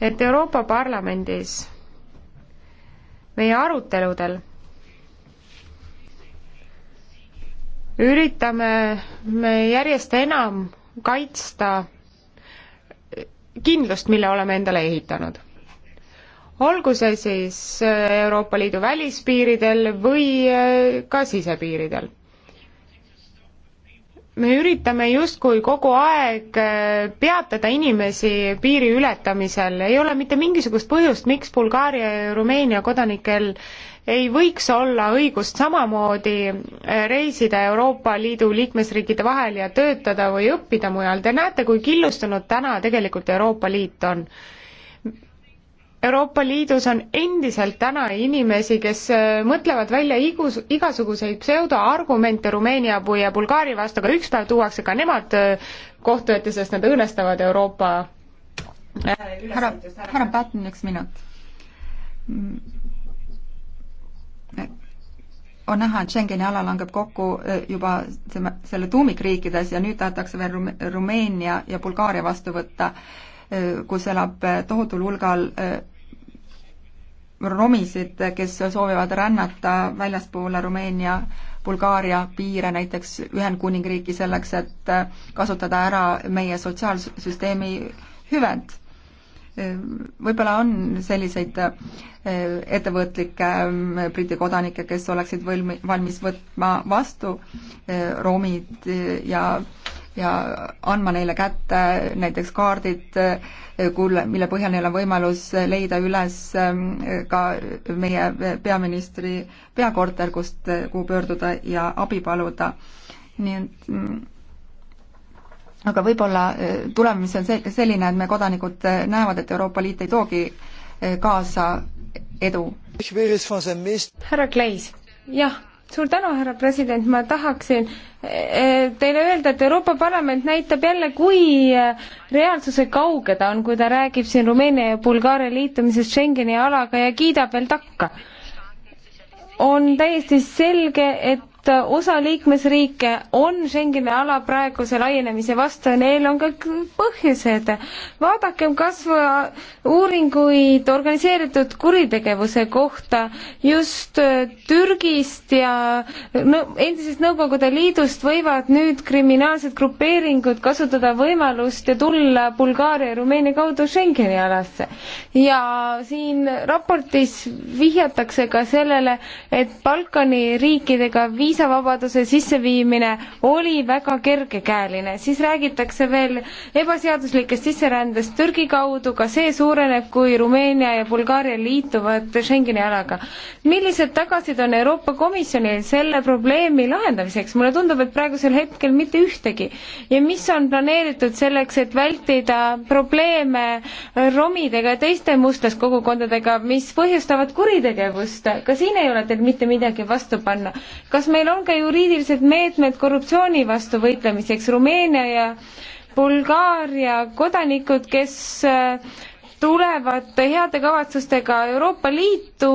et Euroopa Parlamendis meie aruteludel üritame me järjest enam kaitsta kindlust, mille oleme endale ehitanud. olgu see siis Euroopa Liidu välispiiridel või ka sisepiiridel me üritame justkui kogu aeg äh, peatada inimesi piiri ületamisel, ei ole mitte mingisugust põhjust, miks Bulgaaria ja Rumeenia kodanikel ei võiks olla õigust samamoodi äh, reisida Euroopa Liidu liikmesriikide vahel ja töötada või õppida mujal, te näete, kui killustunud täna tegelikult Euroopa Liit on Euroopa Liidus on endiselt täna inimesi, kes äh, mõtlevad välja igus, igasuguseid pseudoargumente Rumeenia ja Bulgaaria vastu, aga üks päev tuuakse ka nemad äh, kohtu ette, sest nad õõnestavad Euroopa äh, härra, härra Patten, üks minut. Mm. on näha, et Schengeni ala langeb kokku juba selle tuumikriikides ja nüüd tahetakse veel Rumeenia ja Bulgaaria vastu võtta kus elab tohutul hulgal romisid, kes soovivad rännata väljaspoole Rumeenia, Bulgaaria piire, näiteks Ühendkuningriiki, selleks et kasutada ära meie sotsiaalsüsteemi hüved. võib-olla on selliseid eh, ettevõtlikke mm, Briti kodanikke, kes oleksid võlmi, valmis võtma vastu eh, romid eh, ja ja andma neile kätte näiteks kaardid, kuule, mille põhjal neil on võimalus leida üles ähm, ka meie peaministri peakorter, kust, kuhu pöörduda ja abi paluda. nii et mm, aga võib-olla äh, tulemus on see, selline, et me kodanikud äh, näevad, et Euroopa Liit ei toogi äh, kaasa edu. härra Kleis, jah suur tänu, härra president, ma tahaksin eh, teile öelda, et Euroopa Parlament näitab jälle, kui eh, reaalsuse kauge ta on, kui ta räägib siin Rumeenia ja Bulgaaria liitumisest Schengeni alaga ja kiidab veel takka. on täiesti selge, et et äh, osa liikmesriike on Schengeni ala praeguse laienemise vastu ja neil on ka põhjused. vaadakem kas või äh, uuringuid organiseeritud kuritegevuse kohta just äh, Türgist ja no, endisest Nõukogude Liidust võivad nüüd kriminaalsed grupeeringud kasutada võimalust ja tulla Bulgaaria ja Rumeenia kaudu Schengeni alasse. ja siin raportis vihjatakse ka sellele, et Balkani riikidega viis viisavabaduse sisseviimine oli väga kergekäeline. siis räägitakse veel ebaseaduslikest sisserändest Türgi kaudu, ka see suureneb, kui Rumeenia ja Bulgaaria liituvad Schengeni alaga. millised tagasid on Euroopa Komisjonil selle probleemi lahendamiseks? mulle tundub, et praegusel hetkel mitte ühtegi. ja mis on planeeritud selleks, et vältida probleeme romidega ja teiste mustlaskogukondadega, mis põhjustavad kuritegevust? ka siin ei ole teil mitte midagi vastu panna. kas meil meil on ka juriidilised meetmed korruptsiooni vastu võitlemiseks. Rumeenia ja Bulgaaria kodanikud, kes äh, tulevad heade kavatsustega Euroopa Liitu,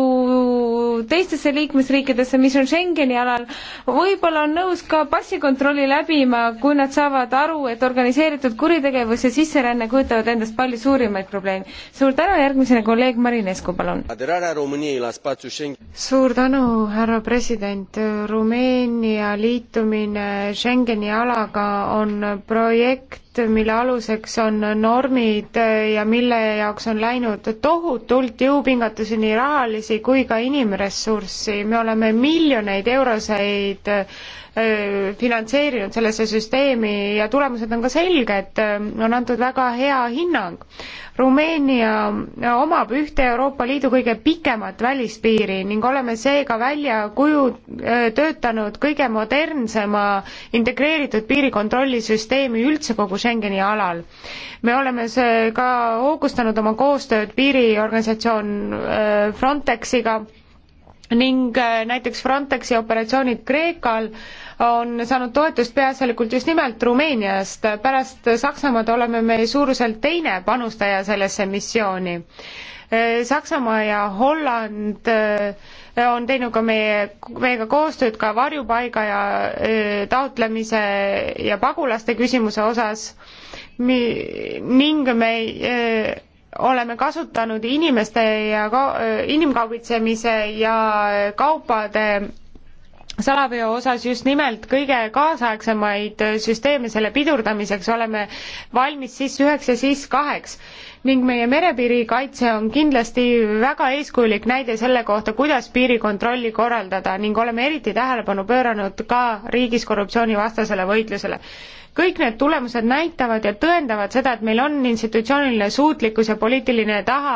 teistesse liikmesriikidesse, mis on Schengeni alal, võib-olla on nõus ka passikontrolli läbima, kui nad saavad aru, et organiseeritud kuritegevus ja sisseränne kujutavad endast palju suurimaid probleeme. suur tänu, järgmisena kolleeg Marinescu, palun. suur tänu, härra president. Rumeenia liitumine Schengeni alaga on projekt, mille aluseks on normid ja mille jaoks on läinud tohutult jõupingutusi, nii rahalisi kui ka inimressurssi, me oleme miljoneid euroseid äh, finantseerinud sellesse süsteemi ja tulemused on ka selged, on antud väga hea hinnang. Rumeenia omab ühte Euroopa Liidu kõige pikemat välispiiri ning oleme seega välja kuju, töötanud kõige modernsema integreeritud piirikontrollisüsteemi üldse kogu Schengeni alal. me oleme ka hoogustanud oma koostööd piiriorganisatsioon äh, Frontexiga ning äh, näiteks Frontexi operatsioonid Kreekal on saanud toetust peaasjalikult just nimelt Rumeeniast. pärast Saksamaad oleme me suuruselt teine panustaja sellesse missiooni. Äh, Saksamaa ja Holland äh, on teinud ka meie, meiega koostööd ka varjupaiga ja taotlemise ja pagulaste küsimuse osas Mi, ning me oleme kasutanud inimeste ja ka-, inimkaubitsemise ja kaupade salaveo osas just nimelt kõige kaasaegsemaid süsteeme selle pidurdamiseks oleme valmis siis üheks ja siis kaheks ning meie merepiiri kaitse on kindlasti väga eeskujulik näide selle kohta, kuidas piirikontrolli korraldada ning oleme eriti tähelepanu pööranud ka riigis korruptsioonivastasele võitlusele kõik need tulemused näitavad ja tõendavad seda, et meil on institutsiooniline suutlikkus ja poliitiline taha,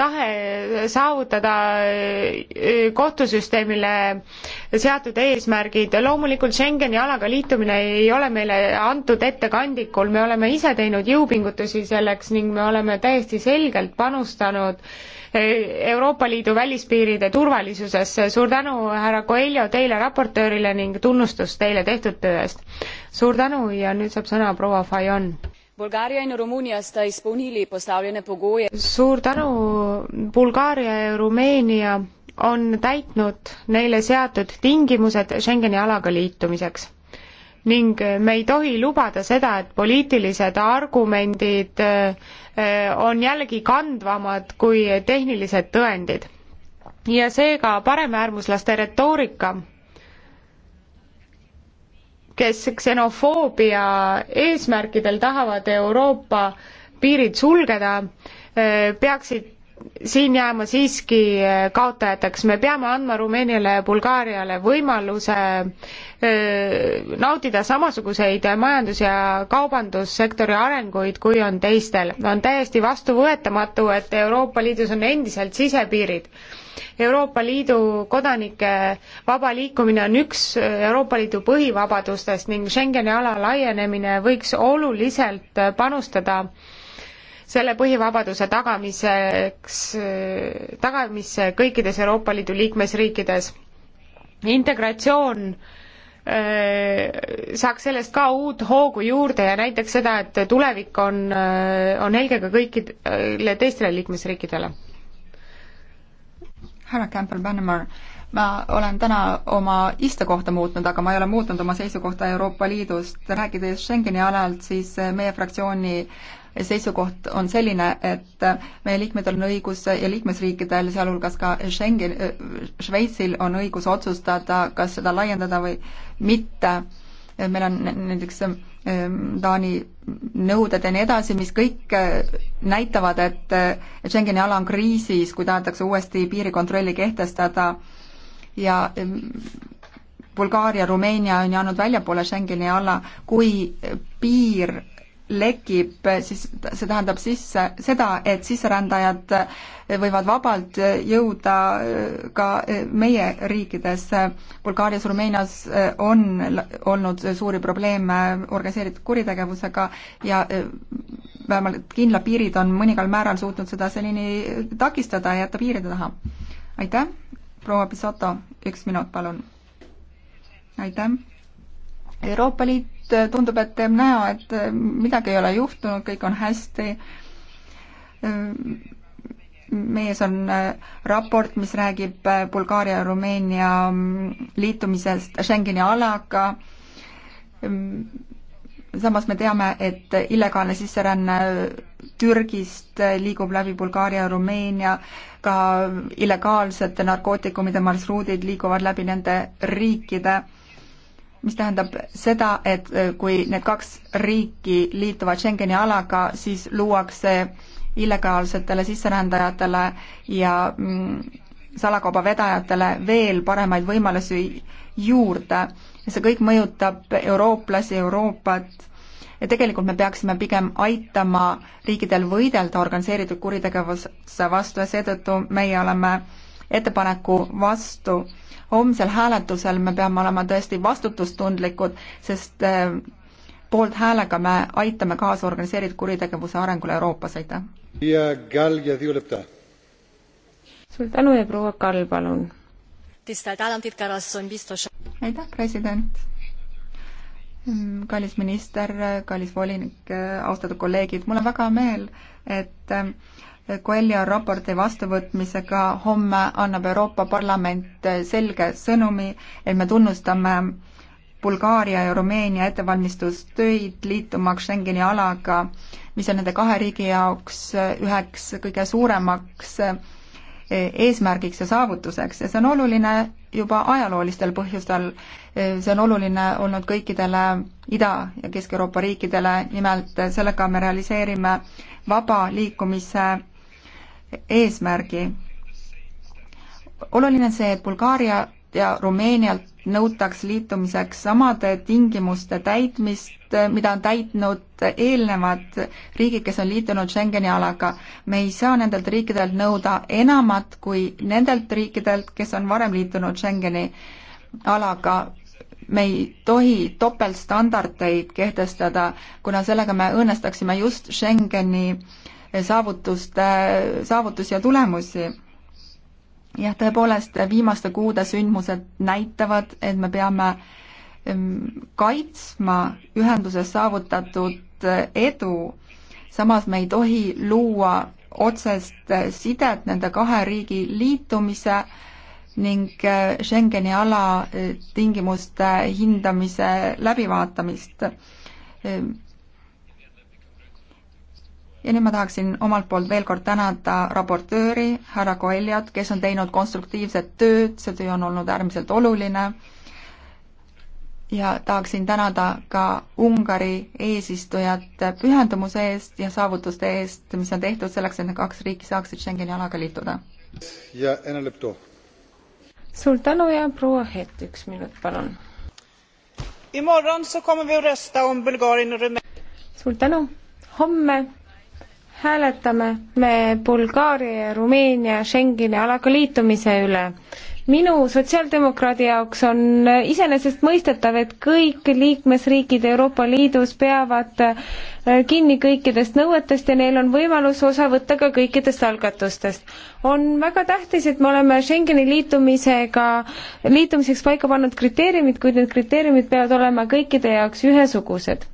tahe saavutada e, e, kohtusüsteemile seatud eesmärgid. loomulikult Schengeni alaga liitumine ei ole meile antud ettekandikul, me oleme ise teinud jõupingutusi selleks ning me oleme täiesti selgelt panustanud äh, Euroopa Liidu välispiiride turvalisusesse. suur tänu, härra Coelho, teile raportöörile ning tunnustus teile tehtud töö eest. suur tänu ja nüüd saab sõna proua Fajon. Bulgaaria in Rumunija sta izpolnili postavljene pogoje. suur tänu, Bulgaaria ja Rumeenia on täitnud neile seatud tingimused Schengeni alaga liitumiseks ning me ei tohi lubada seda, et poliitilised argumendid äh, on jällegi kandvamad kui tehnilised tõendid. ja seega paremäärmuslaste retoorika, kes ksenofoobia eesmärkidel tahavad Euroopa piirid sulgeda, äh, peaksid siin jääma siiski kaotajateks, me peame andma Rumeeniale ja Bulgaariale võimaluse nautida samasuguseid majandus- ja kaubandussektori arenguid, kui on teistel. on täiesti vastuvõetamatu, et Euroopa Liidus on endiselt sisepiirid. Euroopa Liidu kodanike vaba liikumine on üks Euroopa Liidu põhivabadustest ning Schengeni ala laienemine võiks oluliselt panustada selle põhivabaduse tagamiseks, tagamisse kõikides Euroopa Liidu liikmesriikides. integratsioon äh, saaks sellest ka uut hoogu juurde ja näiteks seda, et tulevik on, äh, on helge ka kõikidele teistele liikmesriikidele. härra Campbell-Bannemar, ma olen täna oma istekohta muutnud, aga ma ei ole muutnud oma seisukohta Euroopa Liidust. rääkides Schengeni alalt, siis meie fraktsiooni äh, seisukoht on selline, et meie liikmetel on õigus ja liikmesriikidel, sealhulgas ka Schengen, Šveitsil on õigus otsustada, kas seda laiendada või mitte. meil on näiteks ähm, Taani nõuded ja nii edasi, mis kõik äh, näitavad, et äh, Schengeni ala on kriisis, kui tahetakse uuesti piirikontrolli kehtestada ja ähm, Bulgaaria, Rumeenia on jäänud väljapoole Schengeni ala, kui piir lekib, siis see tähendab sisse, seda, et sisserändajad võivad vabalt jõuda ka meie riikidesse. Bulgaarias, Rumeenias on olnud suuri probleeme organiseeritud kuritegevusega ja vähemalt kindlad piirid on mõningal määral suutnud seda senini takistada ja jätta piiride taha. aitäh, proua Pisoto, üks minut, palun. aitäh. Euroopa Liit Äh, tundub, et teeb näo, et äh, midagi ei ole juhtunud, kõik on hästi. meie ees on äh, raport, mis räägib Bulgaaria ja Rumeenia mm, liitumisest Schengeni alaga mm, samas me teame, et illegaalne sisseränne Türgist liigub läbi Bulgaaria ja Rumeenia, ka illegaalsete narkootikumide marsruudid liiguvad läbi nende riikide mis tähendab seda, et äh, kui need kaks riiki liituvad Schengeni alaga, siis luuakse illegaalsetele sisserändajatele ja mm, salakauba vedajatele veel paremaid võimalusi juurde. ja see kõik mõjutab eurooplasi, Euroopat ja tegelikult me peaksime pigem aitama riikidel võidelda organiseeritud kuritegevuse vastu ja seetõttu meie oleme ettepaneku vastu homsel hääletusel me peame olema tõesti vastutustundlikud, sest äh, poolt häälega me aitame kaasa organiseeritud kuritegevuse arengule Euroopas, aitäh! suur tänu ja proua Kall, palun! aitäh, president! kallis minister, kallis volinik, austatud kolleegid, mul on väga meel, et Coelho raporti vastuvõtmisega homme annab Euroopa Parlament selge sõnumi, et me tunnustame Bulgaaria ja Rumeenia ettevalmistustöid liitumaks Schengeni alaga, mis on nende kahe riigi jaoks üheks kõige suuremaks eesmärgiks ja saavutuseks ja see on oluline juba ajaloolistel põhjustel. see on oluline olnud kõikidele Ida- ja Kesk-Euroopa riikidele, nimelt sellega me realiseerime vaba liikumise eesmärgi. oluline on see, et Bulgaaria ja Rumeenialt nõutaks liitumiseks samade tingimuste täitmist, mida on täitnud eelnevad riigid, kes on liitunud Schengeni alaga. me ei saa nendelt riikidelt nõuda enamat kui nendelt riikidelt, kes on varem liitunud Schengeni alaga. me ei tohi topeltstandardeid kehtestada, kuna sellega me õõnestaksime just Schengeni äh, saavutuste, saavutusi ja tulemusi. jah, tõepoolest, viimaste kuude sündmused näitavad, et me peame kaitsma ühenduses saavutatud eh, edu, samas me ei tohi luua otsest eh, sidet nende kahe riigi liitumise ning eh, Schengeni ala tingimuste hindamise läbivaatamist ja nüüd ma tahaksin omalt poolt veel kord tänada raportööri, härra Koeljat, kes on teinud konstruktiivset tööd, see töö on olnud äärmiselt oluline, ja tahaksin tänada ka Ungari eesistujat pühendumuse eest ja saavutuste eest, mis on tehtud selleks, et need kaks riiki saaksid Schengeni alaga liituda. ja Ene Lepto. suur tänu ja proua Hett, üks minut, palun. suur tänu, homme hääletame me Bulgaaria ja Rumeenia Schengeni alaga liitumise üle. minu sotsiaaldemokraadi jaoks on iseenesestmõistetav, et kõik liikmesriigid Euroopa Liidus peavad äh, kinni kõikidest nõuetest ja neil on võimalus osa võtta ka kõikidest algatustest. on väga tähtis, et me oleme Schengeni liitumisega, liitumiseks paika pannud kriteeriumid, kuid need kriteeriumid peavad olema kõikide jaoks ühesugused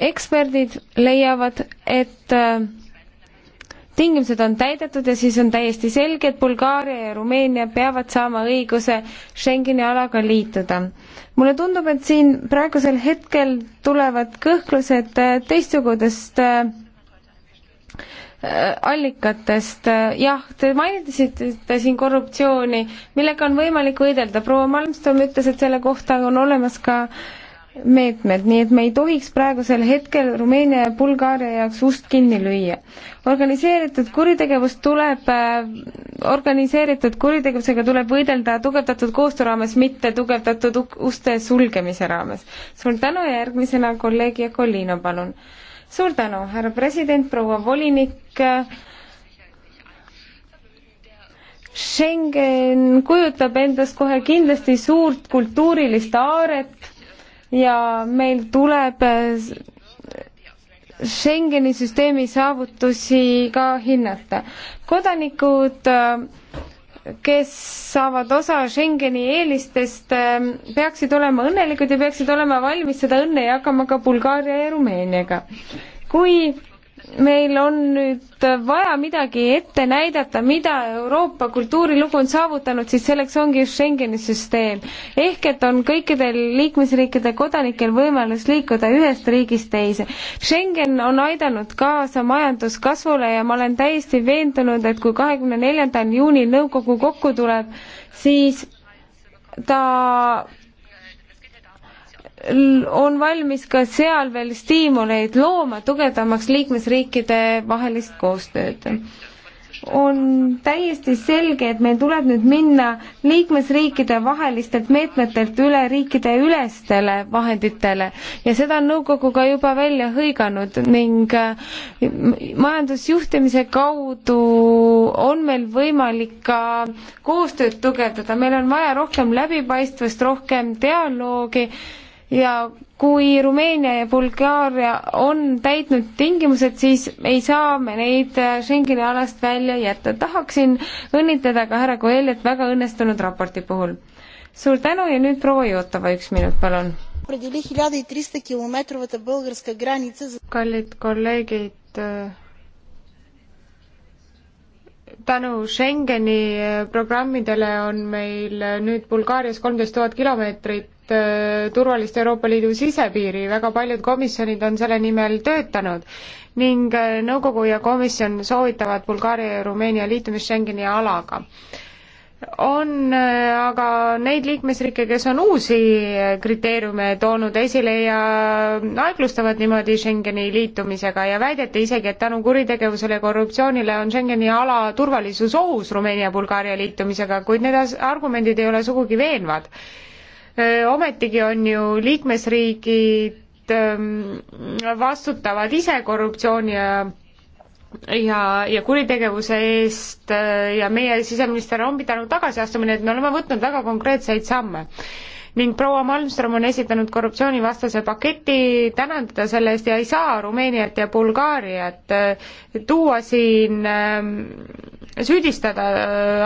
eksperdid leiavad, et äh, tingimused on täidetud ja siis on täiesti selge, et Bulgaaria ja Rumeenia peavad saama õiguse Schengeni alaga liituda. mulle tundub, et siin praegusel hetkel tulevad kõhklused äh, teistsugudest äh, allikatest, jah, te mainisite siin korruptsiooni, millega on võimalik võidelda, proua Malmström ütles, et selle kohta on olemas ka äh, meetmed, nii et me ei tohiks praegusel hetkel Rumeenia ja Bulgaaria jaoks ust kinni lüüa. organiseeritud kuritegevus tuleb, äh, organiseeritud kuritegevusega tuleb võidelda tugevdatud koostöö raames, mitte tugevdatud uste sulgemise raames. suur tänu ja järgmisena kolleeg Jakolino, palun. suur tänu, härra president, proua volinik äh, Schengen kujutab endast kohe kindlasti suurt kultuurilist aaret ja meil tuleb eh, Schengeni süsteemi saavutusi ka hinnata. kodanikud, eh, kes saavad osa Schengeni eelistest, eh, peaksid olema õnnelikud ja peaksid olema valmis seda õnne jagama ka Bulgaaria ja Rumeeniaga. kui meil on nüüd vaja midagi ette näidata, mida Euroopa kultuurilugu on saavutanud, siis selleks ongi just Schengeni süsteem. ehk et on kõikidel liikmesriikide kodanikel võimalus liikuda ühest riigist teise. Schengen on aidanud kaasa majanduskasvule ja ma olen täiesti veendunud, et kui kahekümne neljandal juunil nõukogu kokku tuleb, siis ta on valmis ka seal veel stiimuleid looma, tugevdamaks liikmesriikide vahelist koostööd. on täiesti selge, et meil tuleb nüüd minna liikmesriikide vahelistelt meetmetelt üle riikide ülestele vahenditele ja seda on nõukogu ka juba välja hõiganud ning äh, majandusjuhtimise kaudu on meil võimalik ka koostööd tugevdada, meil on vaja rohkem läbipaistvust, rohkem dialoogi ja kui Rumeenia ja Bulgaaria on täitnud tingimused, siis ei saa me neid äh, Schengeni alast välja jätta. tahaksin õnnitleda ka härra Koeljat väga õnnestunud raporti puhul. suur tänu ja nüüd proua Jutova, üks minut, palun. kallid kolleegid, äh, tänu Schengeni äh, programmidele on meil nüüd Bulgaarias kolmteist tuhat kilomeetrit et äh, turvalist Euroopa Liidu sisepiiri, väga paljud komisjonid on selle nimel töötanud ning äh, nõukogu ja komisjon soovitavad Bulgaaria ja Rumeenia liitumist Schengeni alaga on äh, aga neid liikmesriike, kes on uusi kriteeriume toonud esile ja aeglustavad niimoodi Schengeni liitumisega ja väideti isegi, et tänu kuritegevusele ja korruptsioonile on Schengeni ala turvalisus ohus Rumeenia ja Bulgaaria liitumisega, kuid need argumendid ei ole sugugi veenvad ometigi on ju liikmesriigid vastutavad ise korruptsiooni ja ja, ja kuritegevuse eest ja meie siseminister on pidanud tagasi astuma, nii et me oleme võtnud väga konkreetseid samme. ning proua Malmström on esitanud korruptsioonivastase paketi, tänan teda selle eest ja ei saa Rumeeniat ja Bulgaariat tuua siin, süüdistada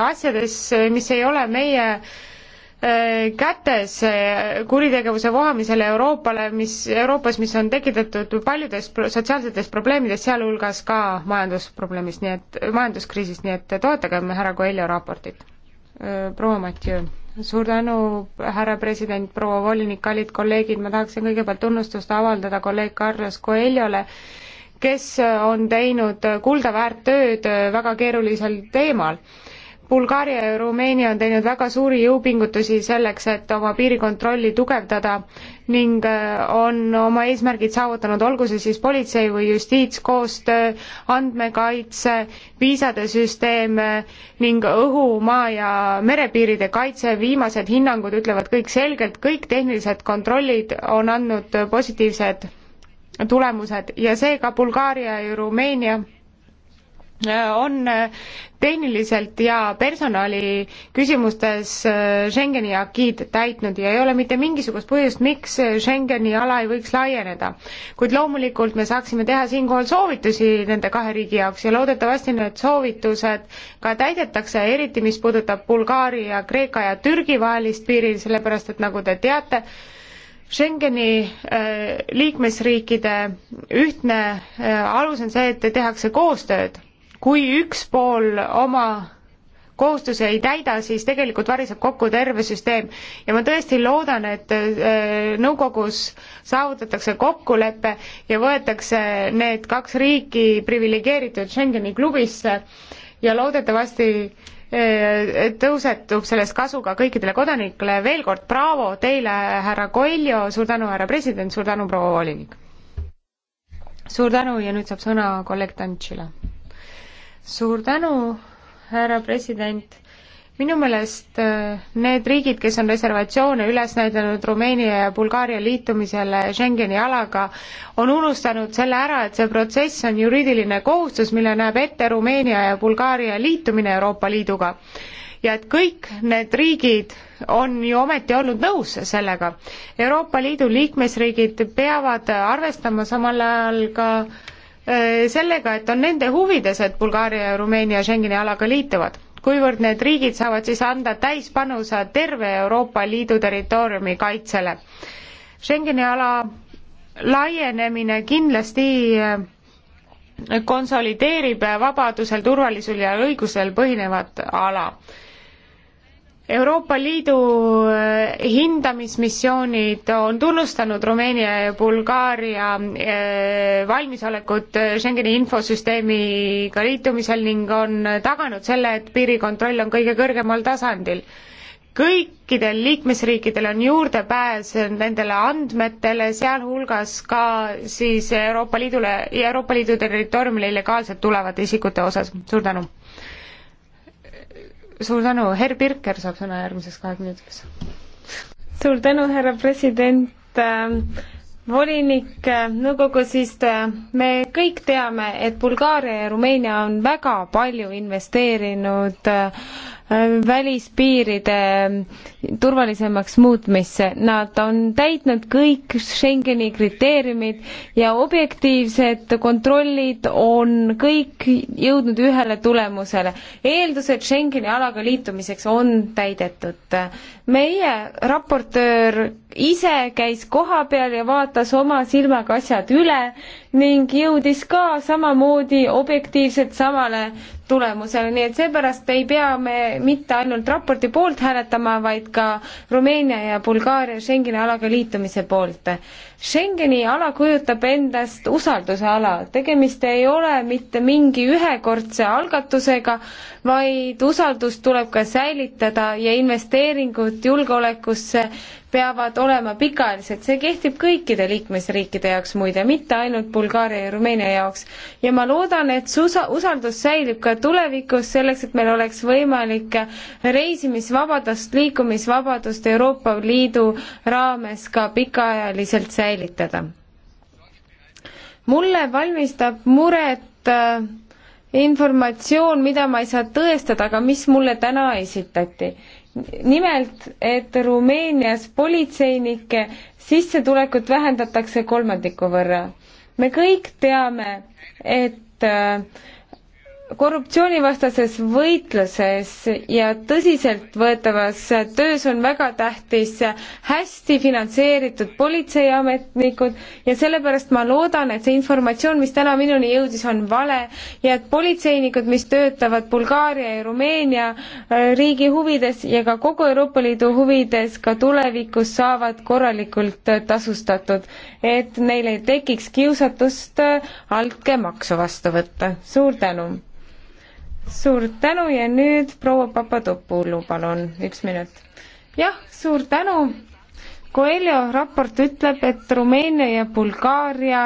asjades, mis ei ole meie äh, Äh, kätes äh, kuritegevuse vohamisel Euroopale, mis, Euroopas, mis on tekitatud paljudest sotsiaalsetest probleemidest, sealhulgas ka majandusprobleemist, nii et, majanduskriisist, nii et toetagem härra Coelho raportit. Äh, proua Matjõe suur tänu, härra president, proua volinik, kallid kolleegid, ma tahaksin kõigepealt tunnustust avaldada kolleeg Carlos Coelhole, kes on teinud kuldaväärt tööd väga keerulisel teemal Bulgaaria ja Rumeenia on teinud väga suuri jõupingutusi selleks, et oma piirikontrolli tugevdada ning äh, on oma eesmärgid saavutanud, olgu see siis politsei või justiitskoostöö, andmekaitse, viisade süsteem äh, ning õhu-, maa- ja merepiiride kaitse, viimased hinnangud ütlevad kõik selgelt, kõik tehnilised kontrollid on andnud positiivsed tulemused ja seega Bulgaaria ja Rumeenia Äh, on äh, tehniliselt ja personali küsimustes äh, Schengeni akiid täitnud ja ei ole mitte mingisugust põhjust, miks Schengeni ala ei võiks laieneda. kuid loomulikult me saaksime teha siinkohal soovitusi nende kahe riigi jaoks ja loodetavasti need soovitused ka täidetakse, eriti mis puudutab Bulgaaria, Kreeka ja Türgi vahelist piiri, sellepärast et nagu te teate, Schengeni liikmesriikide ühtne alus on see, et tehakse koostööd kui üks pool oma kohustuse ei täida, siis tegelikult variseb kokku terve süsteem. ja ma tõesti loodan, et äh, nõukogus saavutatakse kokkulepe ja võetakse need kaks riiki priviligeeritud Schengeni klubisse ja loodetavasti äh, tõusetub sellest kasu ka kõikidele kodanikele. veel kord braavo teile, härra Koljo, suur tänu, härra president, suur tänu, proua volinik! suur tänu ja nüüd saab sõna kolleeg Tantšile suur tänu, härra president. minu meelest äh, need riigid, kes on reservatsioone üles näidanud Rumeenia ja Bulgaaria liitumisele Schengeni alaga, on unustanud selle ära, et see protsess on juriidiline kohustus, mille näeb ette Rumeenia ja Bulgaaria liitumine Euroopa Liiduga ja et kõik need riigid on ju ometi olnud nõus sellega. Euroopa Liidu liikmesriigid peavad arvestama samal ajal ka äh, Äh, sellega, et on nende huvides, et Bulgaaria ja Rumeenia Schengeni alaga liituvad. kuivõrd need riigid saavad siis anda täispanuse terve Euroopa Liidu territooriumi kaitsele. Schengeni ala laienemine kindlasti äh, konsolideerib vabadusel, turvalisusel ja õigusel põhinevat ala Euroopa Liidu äh, hindamismissioonid on tunnustanud Rumeenia ja Bulgaaria äh, valmisolekut äh, Schengeni infosüsteemiga liitumisel ning on taganud selle, et piirikontroll on kõige kõrgemal tasandil. kõikidel liikmesriikidel on juurdepääs nendele andmetele, sealhulgas ka siis Euroopa Liidule ja Euroopa Liidu territooriumile illegaalselt tulevate isikute osas. suur tänu! suur tänu, Herr Birker saab sõna järgmiseks kaheks minutiks. suur tänu, härra president äh,, volinik äh,, nõukogus istuja äh,, me kõik teame, et Bulgaaria ja Rumeenia on väga palju investeerinud äh, välispiiride turvalisemaks muutmisse. Nad on täitnud kõik Schengeni kriteeriumid ja objektiivsed kontrollid on kõik jõudnud ühele tulemusele. eeldused Schengeni alaga liitumiseks on täidetud. meie raportöör ise käis kohapeal ja vaatas oma silmaga asjad üle ning jõudis ka samamoodi objektiivselt samale tulemusele, nii et seepärast ei pea me mitte ainult raporti poolt hääletama, vaid ka Rumeenia ja Bulgaaria Schengeni alaga liitumise poolt. Schengeni ala kujutab endast usalduse ala, tegemist ei ole mitte mingi ühekordse algatusega, vaid usaldust tuleb ka säilitada ja investeeringud julgeolekusse peavad olema pikaajalised, see kehtib kõikide liikmesriikide jaoks muide, mitte ainult Bulgaaria ja Rumeenia jaoks. ja ma loodan, et susa-, usaldus säilib ka tulevikus, selleks et meil oleks võimalik reisimisvabadust, liikumisvabadust Euroopa Liidu raames ka pikaajaliselt säilitada säilitada. mulle valmistab muret äh, informatsioon, mida ma ei saa tõestada, aga mis mulle täna esitati. nimelt, et Rumeenias politseinike sissetulekut vähendatakse kolmandiku võrra. me kõik teame, et äh, korruptsioonivastases võitluses ja tõsiseltvõetavas töös on väga tähtis hästi finantseeritud politseiametnikud ja sellepärast ma loodan, et see informatsioon, mis täna minuni jõudis, on vale ja et politseinikud, mis töötavad Bulgaaria ja Rumeenia äh, riigi huvides ja ka kogu Euroopa Liidu huvides, ka tulevikus saavad korralikult äh, tasustatud, et neil ei tekiks kiusatust äh, altkäemaksu vastu võtta. suur tänu! suur tänu ja nüüd proua Papadopoulou, palun, üks minut. jah, suur tänu. Coelho raport ütleb, et Rumeenia ja Bulgaaria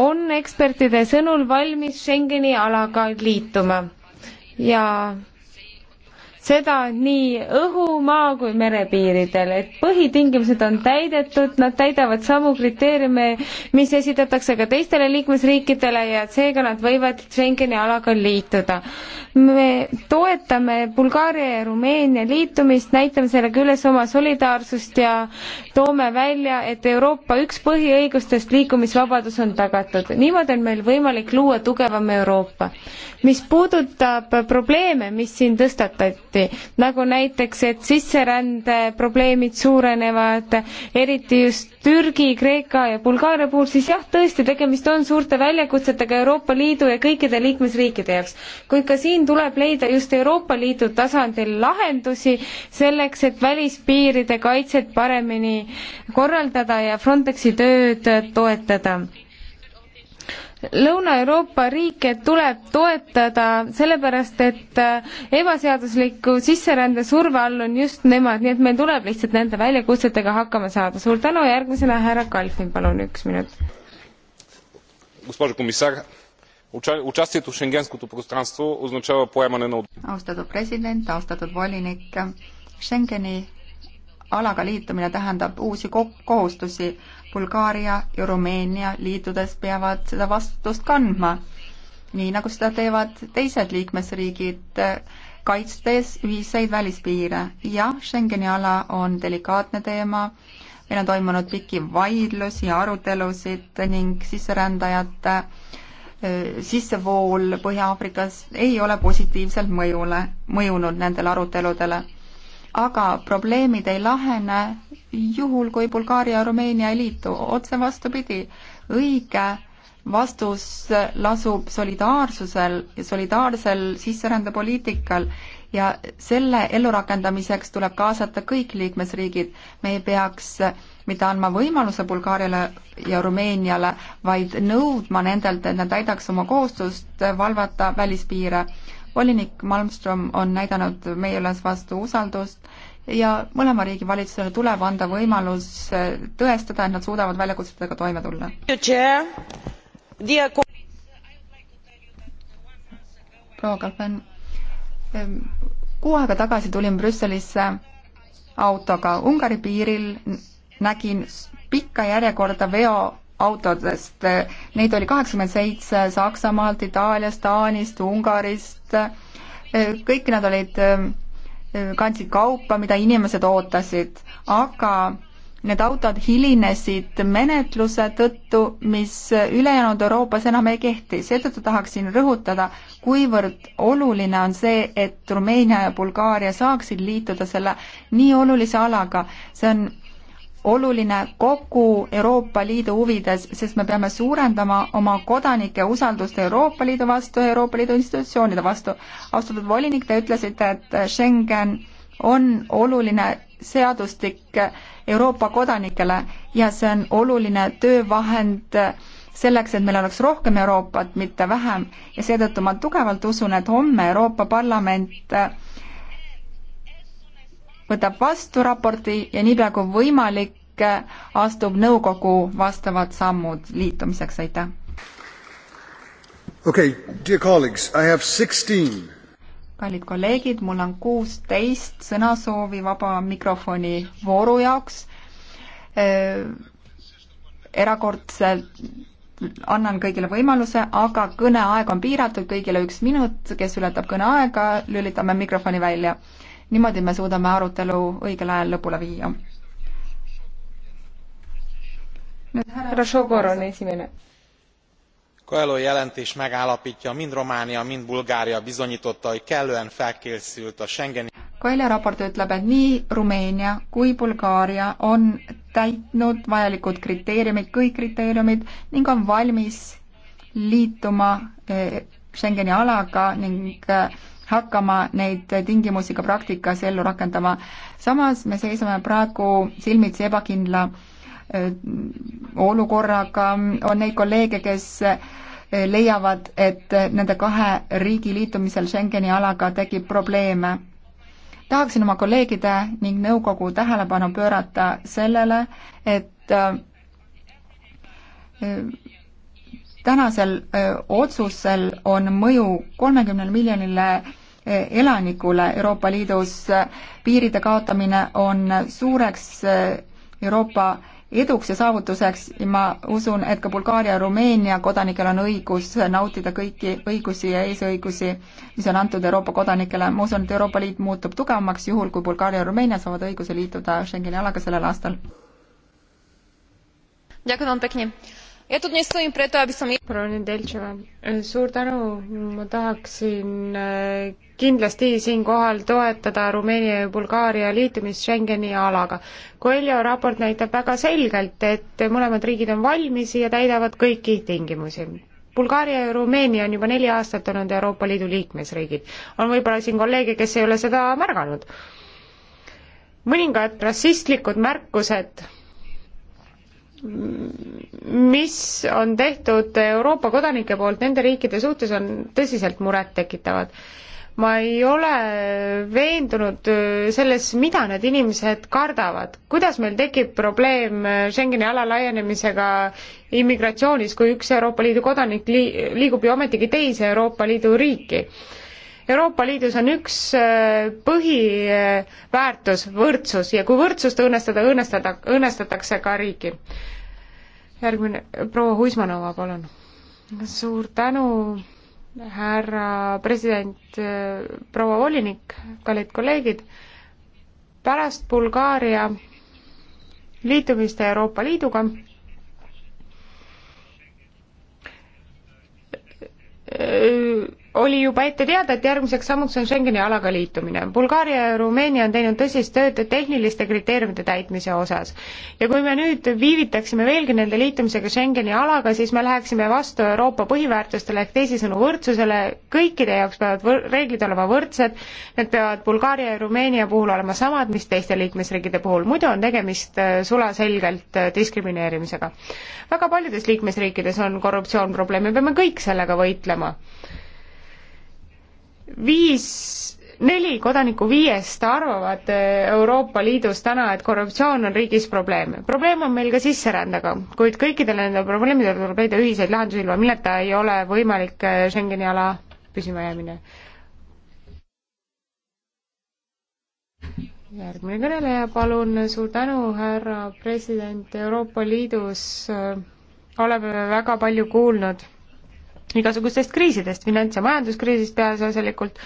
on ekspertide sõnul valmis Schengeni alaga liituma ja seda nii õhu, maa kui merepiiridel, et põhitingimused on täidetud, nad täidavad samu kriteeriume, mis esitatakse ka teistele liikmesriikidele ja seega nad võivad Schengeni alaga liituda. me toetame Bulgaaria ja Rumeenia liitumist, näitame sellega üles oma solidaarsust ja toome välja, et Euroopa üks põhiõigustest, liikumisvabadus on tagatud. niimoodi on meil võimalik luua tugevam Euroopa. mis puudutab probleeme, mis siin tõstatati, kohti, nagu näiteks, et sisserände probleemid suurenevad, eriti just Türgi, Kreeka ja Bulgaaria puhul, siis jah, tõesti, tegemist on suurte väljakutsetega Euroopa Liidu ja kõikide liikmesriikide jaoks. kuid ka siin tuleb leida just Euroopa Liidu tasandil lahendusi selleks, et välispiiride kaitset paremini korraldada ja Frontexi tööd toetada Lõuna-Euroopa riike tuleb toetada, sellepärast et äh, ebaseadusliku sisserände surve all on just nemad, nii et meil tuleb lihtsalt nende väljakutsetega hakkama saada. suur tänu, järgmisena härra Kalfin, palun üks minut. austatud president, austatud volinik, Schengeni alaga liitumine tähendab uusi kohustusi Bulgaaria ja Rumeenia liitudes peavad seda vastutust kandma, nii nagu seda teevad teised liikmesriigid, kaitstes ühiseid välispiire. jah, Schengeni ala on delikaatne teema, meil on toimunud pikki vaidlusi ja arutelusid ning sisserändajate sissevool Põhja-Aafrikas ei ole positiivselt mõjule, mõjunud nendele aruteludele. aga probleemid ei lahene juhul, kui Bulgaaria ja Rumeenia ei liitu, otse vastupidi, õige vastus lasub solidaarsusel, solidaarsel sisserändepoliitikal ja selle ellurakendamiseks tuleb kaasata kõik liikmesriigid. me ei peaks mitte andma võimaluse Bulgaariale ja Rumeeniale, vaid nõudma nendelt, et nad täidaks oma kohustust valvata välispiire. volinik Malmström on näidanud meie üles vastu usaldust ja mõlema riigi valitsusele tuleb anda võimalus äh, tõestada, et nad suudavad väljakutsetega toime tulla. proua Kalpen, ähm, kuu aega tagasi tulin Brüsselisse autoga Ungari piiril, nägin pikka järjekorda veoautodest, neid oli kaheksakümmend seitse Saksamaalt, Itaaliast, Taanist, Ungarist, äh, kõik nad olid ähm, kandsid kaupa, mida inimesed ootasid, aga need autod hilinesid menetluse tõttu, mis ülejäänud Euroopas enam ei kehti. seetõttu tahaksin rõhutada, kuivõrd oluline on see, et Rumeenia ja Bulgaaria saaksid liituda selle nii olulise alaga. see on oluline kogu Euroopa Liidu huvides, sest me peame suurendama oma kodanike usaldust Euroopa Liidu vastu ja Euroopa Liidu institutsioonide vastu. austatud volinik, te ütlesite, et Schengen on oluline seadustik Euroopa kodanikele ja see on oluline töövahend selleks, et meil oleks rohkem Euroopat, mitte vähem ja seetõttu ma tugevalt usun, et homme Euroopa Parlament äh, võtab vastu raporti ja niipea kui võimalik, eh, astub nõukogu vastavad sammud liitumiseks, aitäh. okei okay,, dear colleagues, I have sixteen. kallid kolleegid, mul on kuusteist sõnasoovi vaba mikrofoni vooru jaoks eh, erakordselt annan kõigile võimaluse, aga kõneaeg on piiratud, kõigile üks minut, kes ületab kõneaega, lülitame mikrofoni välja niimoodi me suudame arutelu õigel ajal lõpule viia. nüüd härra Šogor on esimene. Coelho jelentés megállapítja, mind Románia, mind Bulgária bizonyította, hogy kellően felkészült a Schengeni Kaile raport ütleb, et nii Rumeenia kui Bulgaaria on täitnud vajalikud kriteeriumid, kõik kriteeriumid ning on valmis liituma eh, Schengeni alaga ning eh, hakkama neid tingimusi ka praktikas ellu rakendama. samas me seisame praegu silmitsi ebakindla äh, olukorraga, on neid kolleege, kes äh, leiavad, et äh, nende kahe riigi liitumisel Schengeni alaga tekib probleeme. tahaksin oma kolleegide ning nõukogu tähelepanu pöörata sellele, et tänasel otsusel on mõju kolmekümnele miljonile elanikule Euroopa Liidus. piiride kaotamine on suureks Euroopa eduks ja saavutuseks ja ma usun, et ka Bulgaaria ja Rumeenia kodanikel on õigus nautida kõiki õigusi ja eesõigusi, mis on antud Euroopa kodanikele. ma usun, et Euroopa Liit muutub tugevamaks juhul, kui Bulgaaria ja Rumeenia saavad õiguse liituda Schengeni alaga sellel aastal ja tu dnes stojím preto, aby som... proua Nedeltševa, suur tänu, ma tahaksin eh, kindlasti siinkohal toetada Rumeenia ja Bulgaaria liitumist Schengeni alaga. Coelho raport näitab väga selgelt, et mõlemad riigid on valmis ja täidavad kõiki tingimusi. Bulgaaria ja Rumeenia on juba neli aastat olnud Euroopa Liidu liikmesriigid. on võib-olla siin kolleege, kes ei ole seda märganud. mõningad rassistlikud märkused mis on tehtud Euroopa kodanike poolt nende riikide suhtes, on tõsiselt murettekitavad. ma ei ole veendunud äh, selles, mida need inimesed kardavad. kuidas meil tekib probleem Schengeni ala laienemisega immigratsioonis, kui üks Euroopa Liidu kodanik li-, liigub ju ometigi teise Euroopa Liidu riiki? Euroopa Liidus on üks äh, põhiväärtus, võrdsus, ja kui võrdsust õõnestada, õõnestada, õõnestatakse ka riiki. järgmine, proua Huismanova, palun. suur tänu, härra president, äh, proua volinik, kallid kolleegid, pärast Bulgaaria liitumist Euroopa Liiduga öö, äh, oli juba ette teada, et järgmiseks sammuks on Schengeni alaga liitumine. Bulgaaria ja Rumeenia on teinud tõsist tööd tehniliste kriteeriumide täitmise osas. ja kui me nüüd viivitaksime veelgi nende liitumisega Schengeni alaga, siis me läheksime vastu Euroopa põhiväärtustele ehk teisisõnu võrdsusele, kõikide jaoks peavad võr-, reeglid olema võrdsed, need peavad Bulgaaria ja Rumeenia puhul olema samad, mis teiste liikmesriikide puhul, muidu on tegemist äh, sulaselgelt äh, diskrimineerimisega. väga paljudes liikmesriikides on korruptsioon probleem, me peame kõik sellega võitlema viis neli kodanikku viiest arvavad äh, Euroopa Liidus täna, et korruptsioon on riigis probleem. probleem on meil ka sisserändega, kuid kõikidele nendele probleemidele tuleb leida ühiseid lahendusi, ilma milleta ei ole võimalik äh, Schengeni ala püsimajäämine. järgmine kõneleja, palun, suur tänu, härra president, Euroopa Liidus äh, oleme väga palju kuulnud igasugustest kriisidest, finants- ja majanduskriisist peaasjalikult.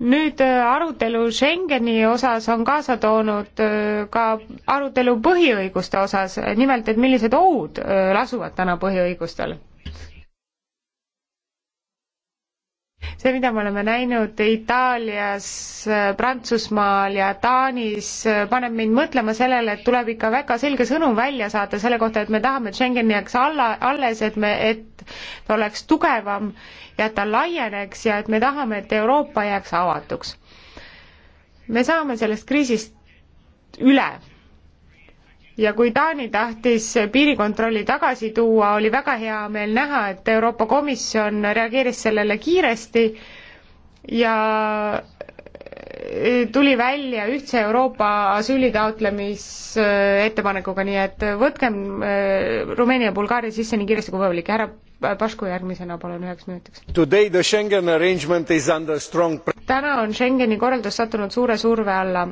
nüüd äh, arutelu Schengeni osas on kaasa toonud äh, ka arutelu põhiõiguste osas, nimelt et millised ohud äh, lasuvad täna põhiõigustel see, mida me oleme näinud Itaalias, Prantsusmaal ja Taanis, paneb mind mõtlema sellele, et tuleb ikka väga selge sõnum välja saata selle kohta, et me tahame, et Schengen jääks alla, alles, et me, et et ta oleks tugevam ja et ta laieneks ja et me tahame, et Euroopa jääks avatuks. me saame sellest kriisist üle ja kui Taani tahtis piirikontrolli tagasi tuua, oli väga hea meel näha, et Euroopa Komisjon reageeris sellele kiiresti ja tuli välja ühtse Euroopa asüüli taotlemisettepanekuga, nii et võtkem äh, Rumeenia ja Bulgaaria sisse nii kiiresti kui võimalik, härra Äh, Pašku järgmisena palun üheks minutiks. täna on Schengeni korraldus sattunud suure surve alla.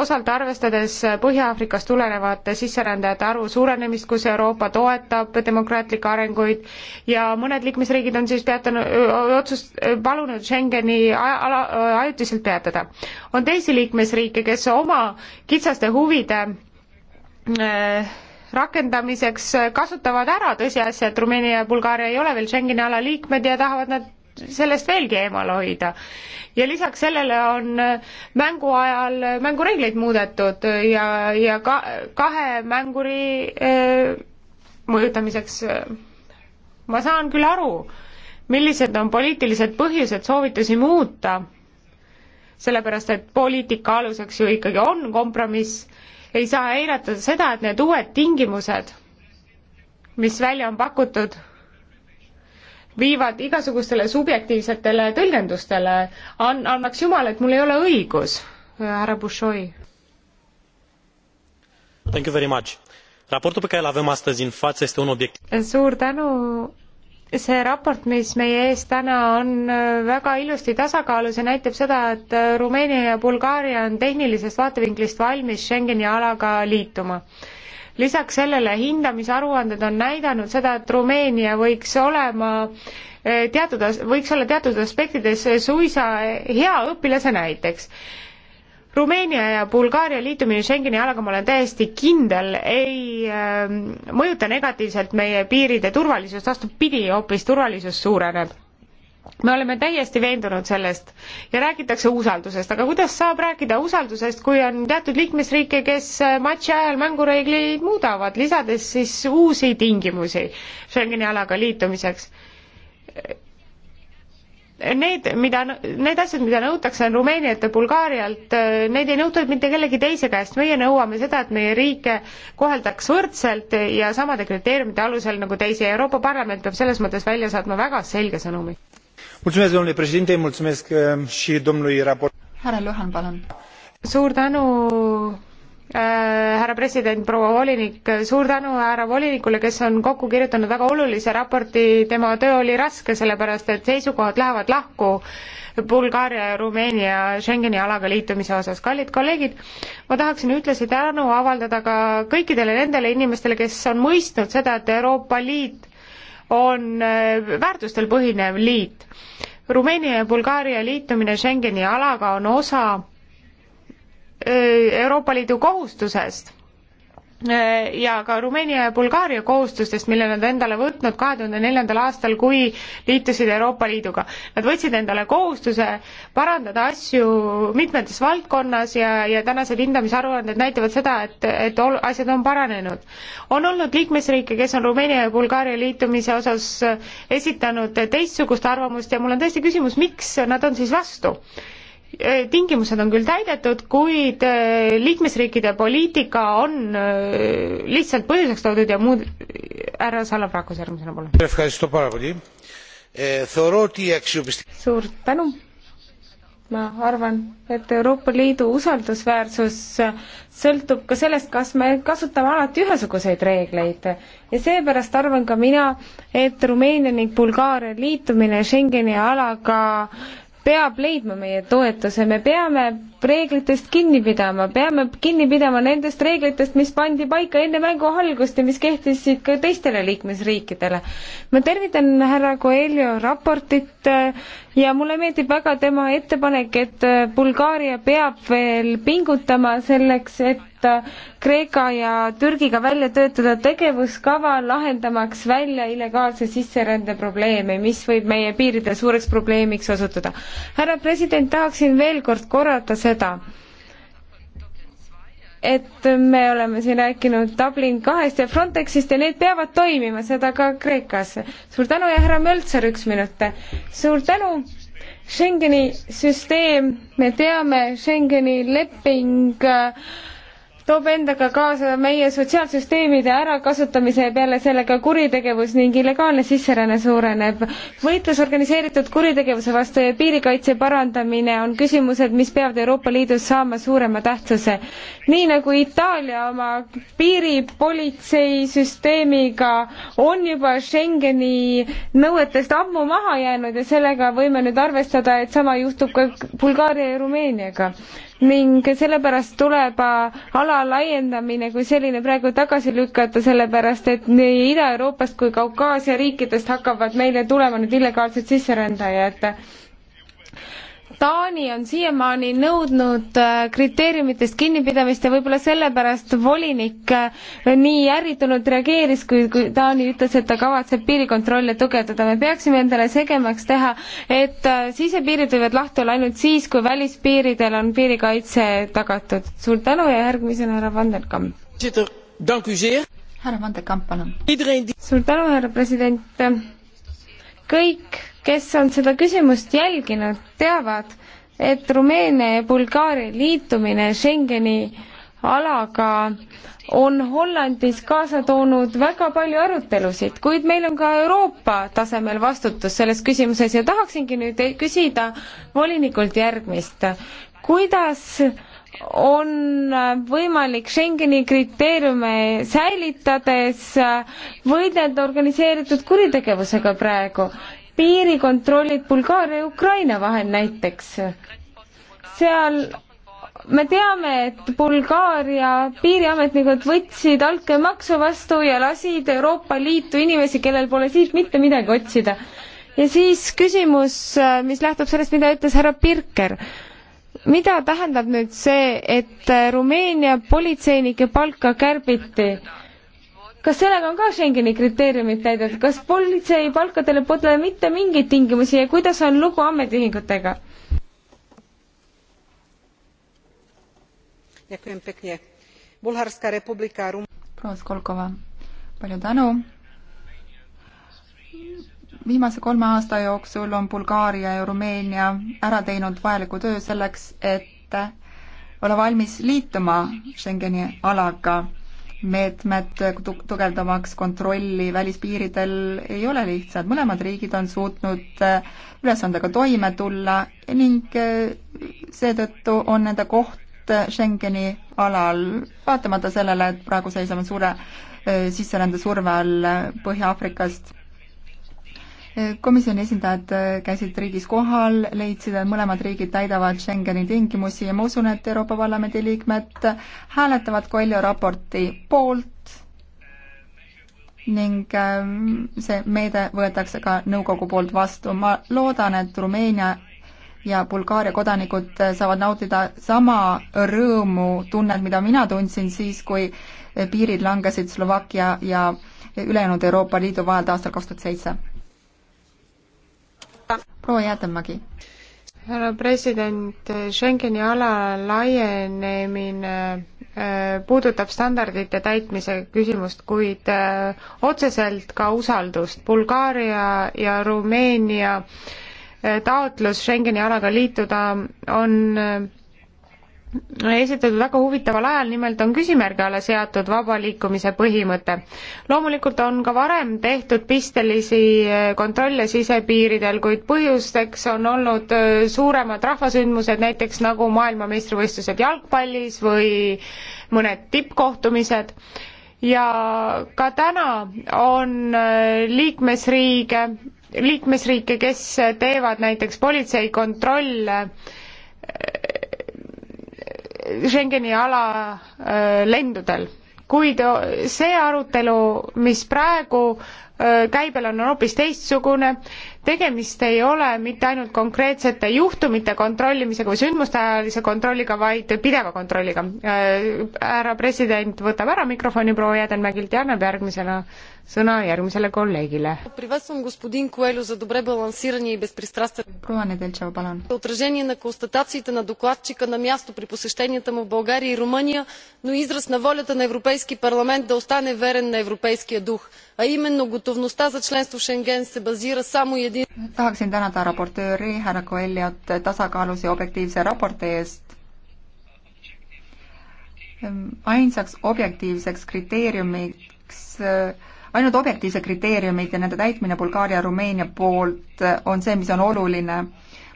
osalt arvestades Põhja-Aafrikast tulenevate sisserändajate arvu suurenemist, kus Euroopa toetab demokraatlikke arenguid ja mõned liikmesriigid on siis peatanud, otsust, palunud Schengeni ala, ajutiselt peatada. on teisi liikmesriike, kes oma kitsaste huvide öö, äh, rakendamiseks äh, kasutavad ära tõsiasja, et Rumeenia ja Bulgaaria ei ole veel Schengeni ala liikmed ja tahavad nad sellest veelgi eemale hoida. ja lisaks sellele on äh, mängu ajal äh, mängureegleid muudetud ja, ja ka kahe mänguri öö, mõjutamiseks ma saan küll aru, millised on poliitilised põhjused soovitusi muuta, sellepärast et poliitika aluseks ju ikkagi on kompromiss ei saa eirata seda, et need uued tingimused, mis välja on pakutud, viivad igasugustele subjektiivsetele tõlgendustele, an-, annaks jumal, et mul ei ole õigus, härra Bushoi. Thank you very much. raportul pe care îl avem astăzi în față este un obiectiv. suur tänu, see raport, mis meie ees täna on, väga ilusti tasakaalus ja näitab seda, et Rumeenia ja Bulgaaria on tehnilisest vaatevinklist valmis Schengeni alaga liituma lisaks sellele hindamisaruanded on näidanud seda, et Rumeenia võiks olema eh, teatud, võiks olla teatud aspektides suisa hea õpilase näiteks Rumeenia ja Bulgaaria liitumine Schengeni alaga, ma olen täiesti kindel, ei äh, mõjuta negatiivselt meie piiride turvalisust, vastupidi, hoopis turvalisus suureneb. me oleme täiesti veendunud sellest ja räägitakse usaldusest, aga kuidas saab rääkida usaldusest, kui on teatud liikmesriike, kes äh, matši ajal mängureegleid muudavad, lisades siis uusi tingimusi Schengeni alaga liitumiseks? need, mida, need asjad, mida nõutakse Rumeenialt ja Bulgaarialt, neid ei nõuta mitte kellegi teise käest, meie nõuame seda, et meie riike koheldaks võrdselt ja samade kriteeriumite alusel nagu teisi ja Euroopa Parlament peab selles mõttes välja saatma väga selge sõnumi. Ehm, härra Luhan, palun. suur tänu Äh, härra president, proua volinik, suur tänu härra volinikule, kes on kokku kirjutanud väga olulise raporti, tema töö oli raske, sellepärast et seisukohad lähevad lahku Bulgaaria ja Rumeenia Schengeni alaga liitumise osas. kallid kolleegid, ma tahaksin ühtlasi tänu avaldada ka kõikidele nendele inimestele, kes on mõistnud seda, et Euroopa Liit on äh, väärtustel põhinev liit. Rumeenia ja Bulgaaria liitumine Schengeni alaga on osa Äh, Euroopa Liidu kohustusest äh, ja ka Rumeenia ja Bulgaaria kohustustest, mille nad endale võtnud kahe tuhande neljandal aastal, kui liitusid Euroopa Liiduga. Nad võtsid endale kohustuse parandada asju mitmetes valdkonnas ja, ja tänased hindamisaruanded näitavad seda, et, et ol, asjad on paranenud. on olnud liikmesriike, kes on Rumeenia ja Bulgaaria liitumise osas esitanud teistsugust arvamust ja mul on tõesti küsimus, miks nad on siis vastu? Äh, tingimused on küll täidetud, kuid äh, liikmesriikide poliitika on äh, lihtsalt põhjuseks toodud ja muud, härra Salavrakos järgmisena, palun. suur tänu ma arvan, et Euroopa Liidu usaldusväärsus sõltub ka sellest, kas me kasutame alati ühesuguseid reegleid. ja seepärast arvan ka mina, et Rumeenia ning Bulgaaria liitumine Schengeni alaga peab leidma meie toetuse, me peame reeglitest kinni pidama, peame kinni pidama nendest reeglitest, mis pandi paika enne mängu algust ja mis kehtisid ka teistele liikmesriikidele. ma tervitan härra Coelho raportit ja mulle meeldib väga tema ettepanek, et äh, Bulgaaria peab veel pingutama selleks, et äh, Kreeka ja Türgiga välja töötada tegevuskava, lahendamaks välja illegaalse sisserände probleeme, mis võib meie piiridel suureks probleemiks osutuda. härra president, tahaksin veel kord korrata seda, et me oleme siin rääkinud Dublin kahest ja Frontexist ja need peavad toimima, seda ka Kreekas. suur tänu ja härra Möltser, üks minut. suur tänu. Schengeni süsteem, me teame, Schengeni leping äh, toob endaga kaasa meie sotsiaalsüsteemide ärakasutamise ja peale selle ka kuritegevus ning illegaalne sisseränne suureneb. võitlus organiseeritud kuritegevuse vastu ja piirikaitse parandamine on küsimused, mis peavad Euroopa Liidus saama suurema tähtsuse. nii nagu Itaalia oma piiripolitseisüsteemiga on juba Schengeni nõuetest ammu maha jäänud ja sellega võime nüüd arvestada, et sama juhtub ka Bulgaaria ja Rumeeniaga ning sellepärast tuleb ala laiendamine kui selline praegu tagasi lükata, sellepärast et nii Ida-Euroopast kui Kaukaasia riikidest hakkavad meile tulema nüüd illegaalsed sisserändajad Taani on siiamaani nõudnud äh, kriteeriumitest kinnipidamist ja võib-olla sellepärast volinik äh, nii ärritunult reageeris, kui, kui Taani ütles, et ta kavatseb piirikontrolle tugevdada. me peaksime endale segemaks teha, et äh, sisepiirid võivad lahti olla ainult siis, kui välispiiridel on piirikaitse tagatud. suur tänu ja järgmisena härra Vanderkamp. härra Vanderkamp, palun. suur tänu, härra president. kõik kes on seda küsimust jälginud, teavad, et Rumeenia ja Bulgaaria liitumine Schengeni alaga on Hollandis kaasa toonud väga palju arutelusid, kuid meil on ka Euroopa tasemel vastutus selles küsimuses ja tahaksingi nüüd küsida volinikult järgmist. kuidas on võimalik Schengeni kriteeriume säilitades võidelda organiseeritud kuritegevusega praegu piirikontrollid Bulgaaria ja Ukraina vahel näiteks. seal me teame, et Bulgaaria piiriametnikud võtsid altkäemaksu vastu ja lasid Euroopa Liitu inimesi, kellel pole siit mitte midagi otsida. ja siis küsimus, mis lähtub sellest, mida ütles härra Pirker. mida tähendab nüüd see, et Rumeenia politseinike palka kärbiti? kas sellega on ka Schengeni kriteeriumid täidetud, kas politseipalkadele pole mitte mingeid tingimusi ja kuidas on lugu ametiühingutega? proua Skolkova, palju tänu. viimase kolme aasta jooksul on Bulgaaria ja Rumeenia ära teinud vajaliku töö selleks, et olla valmis liituma Schengeni alaga meetmed tugevdamaks kontrolli välispiiridel ei ole lihtsad, mõlemad riigid on suutnud äh, ülesandega toime tulla ning äh, seetõttu on nende koht äh, Schengeni alal, vaatamata sellele, et praegu seisame suure sisserände surve all Põhja-Aafrikast komisjoni esindajad äh, käisid riigis kohal, leidsid, et mõlemad riigid täidavad Schengeni tingimusi ja ma usun, et Euroopa Parlamendi liikmed hääletavad Koeljo raporti poolt ning äh, see meede võetakse ka nõukogu poolt vastu. ma loodan, et Rumeenia ja Bulgaaria kodanikud saavad nautida sama rõõmu tunnet, mida mina tundsin siis, kui piirid langesid Slovakkia ja ülejäänud Euroopa Liidu vahel aastal kaks tuhat seitse proua Jäätemägi härra president, Schengeni ala laienemine äh, puudutab standardite täitmise küsimust, kuid äh, otseselt ka usaldust. Bulgaaria ja Rumeenia äh, taotlus Schengeni alaga liituda on esitatud väga huvitaval ajal, nimelt on küsimärgi alla seatud vaba liikumise põhimõte. loomulikult on ka varem tehtud pistelisi eh, kontrolle sisepiiridel, kuid põhjusteks on olnud eh, suuremad rahvasündmused, näiteks nagu maailmameistrivõistlused jalgpallis või mõned tippkohtumised ja ka täna on eh, liikmesriige, liikmesriike, kes teevad näiteks politseikontrolle äh, Schengeni ala äh, lendudel kuid äh, see arutelu, mis praegu käibel on hoopis teistsugune, tegemist ei ole mitte ainult konkreetsete juhtumite kontrollimisega või sündmusteajalise kontrolliga, vaid pideva kontrolliga. härra president võtab ära mikrofoni proua Jädenmägilt ja annab järgmisena sõna järgmisele kolleegile. proua Nedeltšov, palun. отражение на констатациите на докладчика на място при посещенията му в България и Румъния, но израз на волята на Европейски парламент да остане верен на европейския дух, а именно готовността готовността за членство в Шенген се базира само и един... Tahaksin tänada raportööri härra Koeljat tasakaalus ja objektiivse raporti eest. Ainsaks objektiivseks kriteeriumiks ainult objektiivsed kriteeriumid ja nende täitmine Bulgaaria ja Rumeenia poolt on see, mis on oluline.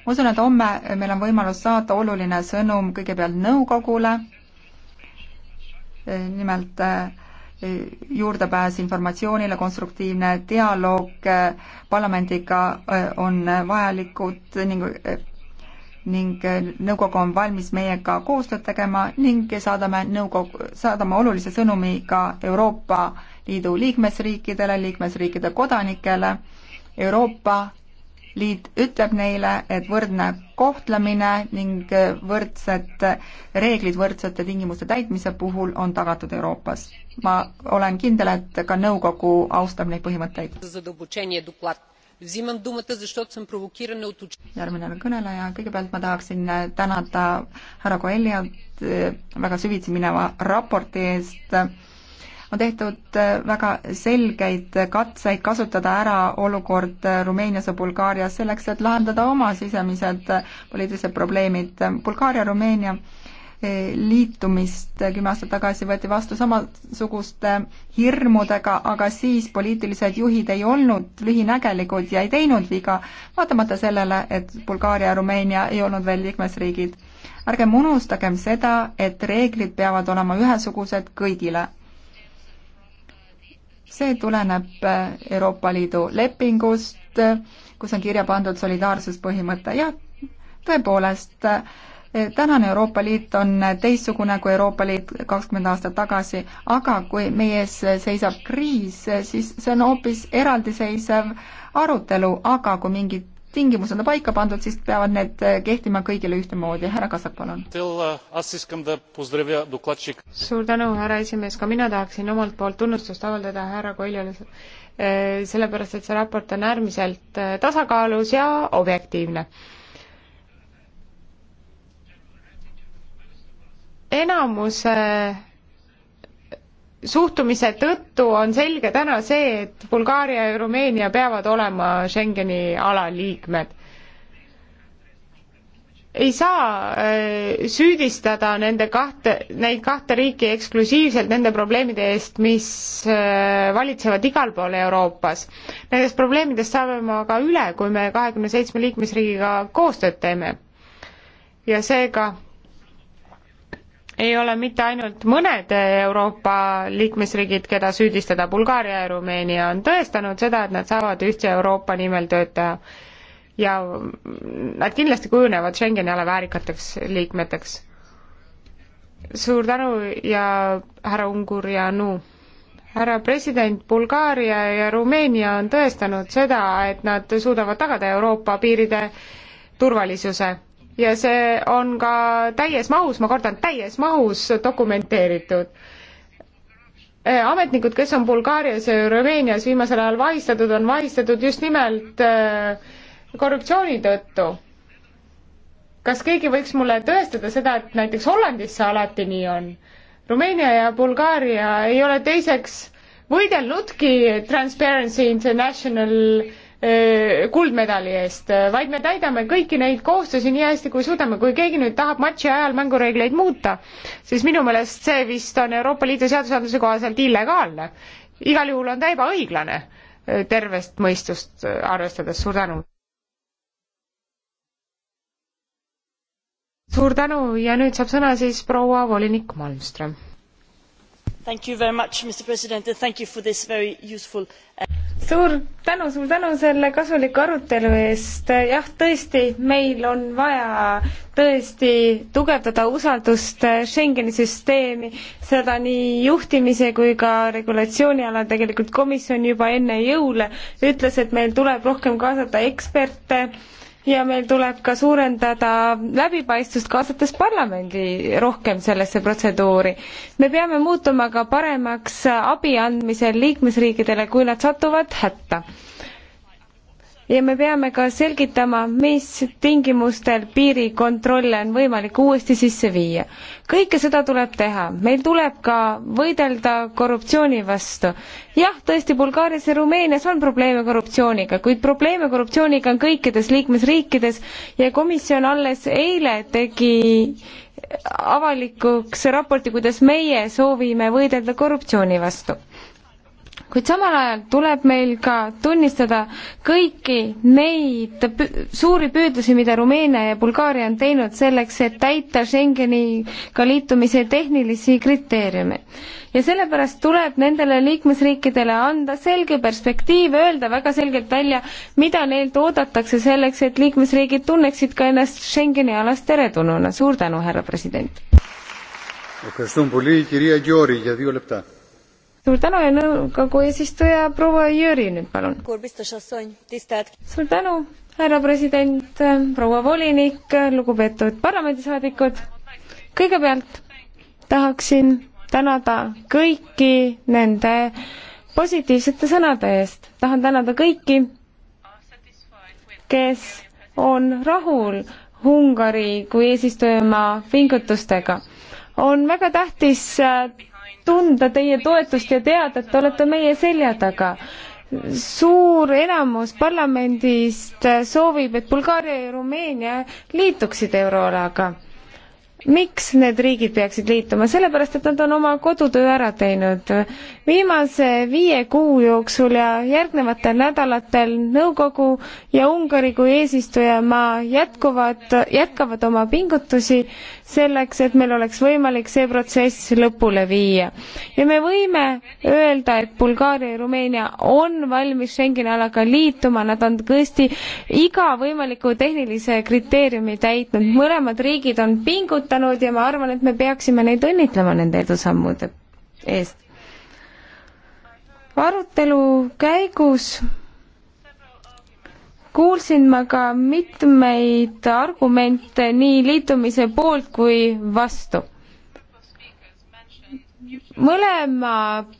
ma usun, et homme meil on võimalus saata oluline sõnum kõigepealt nõukogule, nimelt äh, juurdepääs informatsioonile, konstruktiivne dialoog äh, parlamendiga äh, on vajalikud ning äh, ning nõukogu on valmis meiega koostööd tegema ning saadame nõukogu, saadame olulise sõnumi ka Euroopa Liidu liikmesriikidele, liikmesriikide kodanikele. Euroopa liit ütleb neile, et võrdne kohtlemine ning võrdsed reeglid võrdsete tingimuste täitmise puhul on tagatud Euroopas. ma olen kindel, et ka nõukogu austab neid põhimõtteid. järgmine on kõneleja, kõigepealt ma tahaksin tänada härra Coelhot eh, väga süvitsi mineva raporti eest on tehtud äh, väga selgeid katseid kasutada ära olukord äh, Rumeenias ja Bulgaarias selleks, et lahendada oma sisemised äh, poliitilised probleemid. Bulgaaria, Rumeenia liitumist kümme aastat tagasi võeti vastu samasuguste hirmudega, aga siis poliitilised juhid ei olnud lühinägelikud ja ei teinud viga, vaatamata sellele, et Bulgaaria ja Rumeenia ei olnud veel liikmesriigid. ärgem unustagem seda, et reeglid peavad olema ühesugused kõigile see tuleneb äh, Euroopa Liidu lepingust, äh, kus on kirja pandud solidaarsuspõhimõte. jah, tõepoolest, äh, tänane Euroopa Liit on teistsugune kui Euroopa Liit kakskümmend aastat tagasi, aga kui meie ees seisab kriis, siis see on hoopis eraldiseisev arutelu, aga kui mingid tingimused on paika pandud, siis peavad need äh, kehtima kõigile ühtemoodi. härra Kasak, palun. Äh, äh, suur tänu, härra esimees, ka mina tahaksin omalt poolt tunnustust avaldada härra Koljale, sellepärast et see raport on äärmiselt tasakaalus ja objektiivne. enamuse äh, suhtumise tõttu on selge täna see, et Bulgaaria ja Rumeenia peavad olema Schengeni ala liikmed. ei saa äh, süüdistada nende kahte, neid kahte riiki eksklusiivselt nende probleemide eest, mis äh, valitsevad igal pool Euroopas. Nendest probleemidest saame me aga üle, kui me kahekümne seitsme liikmesriigiga koostööd teeme. ja seega ei ole mitte ainult mõned Euroopa liikmesriigid, keda süüdistada, Bulgaaria ja Rumeenia on tõestanud seda, et nad saavad ühtse Euroopa nimel tööd teha. ja nad kindlasti kujunevad Schengeni ala väärikateks liikmeteks. suur tänu ja härra Ungur ja Anu! härra president, Bulgaaria ja Rumeenia on tõestanud seda, et nad suudavad tagada Euroopa piiride turvalisuse ja see on ka täies mahus, ma kordan, täies mahus dokumenteeritud. Eh, ametnikud, kes on Bulgaarias ja Rumeenias viimasel ajal vahistatud, on vahistatud just nimelt eh, korruptsiooni tõttu. kas keegi võiks mulle tõestada seda, et näiteks Hollandis see alati nii on? Rumeenia ja Bulgaaria ei ole teiseks võidelnudki Transparency International äh, Äh, kuldmedali eest, äh, vaid me täidame kõiki neid kohustusi nii hästi, kui suudame. kui keegi nüüd tahab matši ajal mängureegleid muuta, siis minu meelest see vist on Euroopa Liidu seadusandluse kohaselt illegaalne. igal juhul on ta ebaõiglane, äh, tervest mõistust arvestades. suur tänu! suur tänu ja nüüd saab sõna siis proua volinik Malmström mr president thank you for this very useful uh, suur tänu suur tänu selle kasuliku arutelu eest jah tõesti meil on vaja tõesti tugevdada usaldust schengeni süsteemi seda nii juhtimise kui ka regulatsiooni alal tegelikult komisjon juba enne jõule ütles et meil tuleb rohkem kaasata eksperte ja meil tuleb ka suurendada läbipaistvust, kaasates parlamendi rohkem sellesse protseduuri. me peame muutuma ka paremaks abi andmisel liikmesriikidele, kui nad satuvad hätta ja me peame ka selgitama, mis tingimustel piirikontrolle on võimalik uuesti sisse viia. kõike seda tuleb teha, meil tuleb ka võidelda korruptsiooni vastu. jah, tõesti, Bulgaarias ja Rumeenias on probleeme korruptsiooniga, kuid probleeme korruptsiooniga on kõikides liikmesriikides ja komisjon alles eile tegi avalikuks raporti, kuidas meie soovime võidelda korruptsiooni vastu kuid samal ajal tuleb meil ka tunnistada kõiki neid suuri püüdlusi, mida Rumeenia ja Bulgaaria on teinud selleks, et täita Schengeniga liitumise tehnilisi kriteeriume ja sellepärast tuleb nendele liikmesriikidele anda selge perspektiiv, öelda väga selgelt välja, mida neilt oodatakse selleks, et liikmesriigid tunneksid ka ennast Schengeni alas teretununa. suur tänu, härra president! suur tänu ja nõukogu eesistuja proua Jüri nüüd palun. suur tänu, härra president, proua volinik, lugupeetud parlamendisaadikud. kõigepealt tahaksin tänada kõiki nende positiivsete sõnade eest. tahan tänada kõiki, kes on rahul Ungari kui eesistujamaa pingutustega. on väga tähtis äh, tunda teie toetust ja teada, et te olete meie selja taga. suur enamus parlamendist soovib, et Bulgaaria ja Rumeenia liituksid euroalaga. miks need riigid peaksid liituma? sellepärast, et nad on oma kodutöö ära teinud. viimase viie kuu jooksul ja järgnevatel nädalatel Nõukogu ja Ungari kui eesistujamaa jätkuvad, jätkavad oma pingutusi selleks, et meil oleks võimalik see protsess lõpule viia. ja me võime öelda, et Bulgaaria ja Rumeenia on valmis Schengeni alaga liituma, nad on tõesti iga võimaliku tehnilise kriteeriumi täitnud, mõlemad riigid on pingutanud ja ma arvan, et me peaksime neid õnnitlema nende edusammude eest. arutelu käigus kuulsin ma ka mitmeid argumente nii liitumise poolt kui vastu. mõlema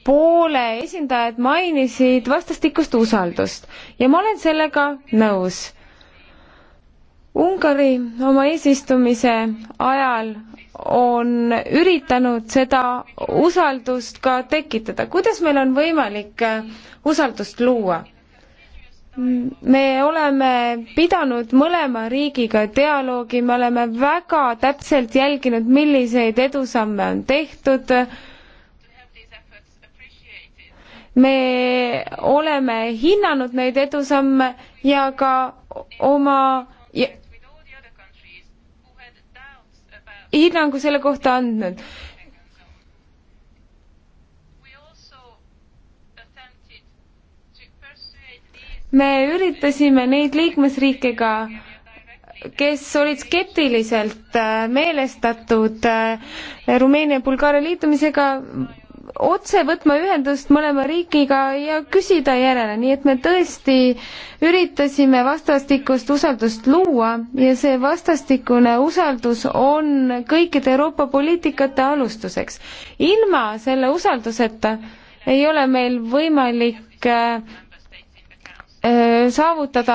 poole esindajad mainisid vastastikust usaldust ja ma olen sellega nõus. Ungari oma eesistumise ajal on üritanud seda usaldust ka tekitada. kuidas meil on võimalik usaldust luua? me oleme pidanud mõlema riigiga dialoogi, me oleme väga täpselt jälginud, milliseid edusamme on tehtud. me oleme hinnanud neid edusamme ja ka oma hinnangu selle kohta andnud me üritasime neid liikmesriike ka kes olid skeptiliselt äh, meelestatud äh, Rumeenia ja Bulgaaria liitumisega, otse võtma ühendust mõlema riigiga ja küsida järele, nii et me tõesti üritasime vastastikust usaldust luua ja see vastastikune usaldus on kõikide Euroopa poliitikate alustuseks. ilma selle usalduseta ei ole meil võimalik äh, Äh, saavutada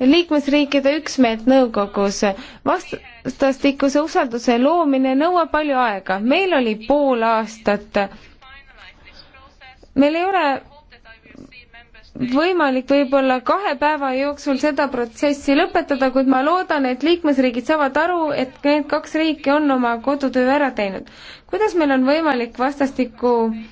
liikmesriikide üksmeelt nõukogus. vastastikuse usalduse loomine nõuab palju aega, meil oli pool aastat. meil ei ole võimalik võib-olla kahe päeva jooksul seda protsessi lõpetada, kuid ma loodan, et liikmesriigid saavad aru, et need kaks riiki on oma kodutöö ära teinud. kuidas meil on võimalik vastastikku äh,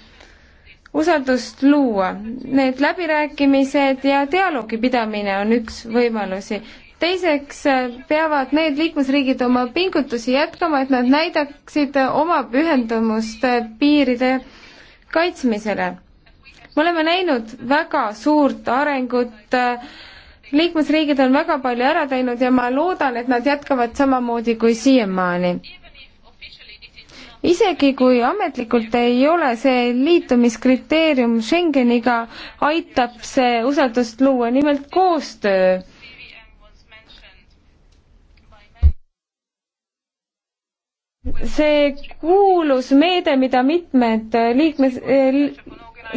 usaldust luua. Need läbirääkimised ja dialoogi pidamine on üks võimalusi. teiseks äh, peavad need liikmesriigid oma pingutusi jätkama, et nad näidaksid oma pühendumust äh, piiride kaitsmisele. me oleme näinud väga suurt arengut äh, liikmesriigid on väga palju ära teinud ja ma loodan, et nad jätkavad samamoodi kui siiamaani isegi kui ametlikult ei ole see liitumiskriteerium Schengeniga, aitab see usaldust luua, nimelt koostöö. see kuulus meede, mida mitmed liikmes, eh,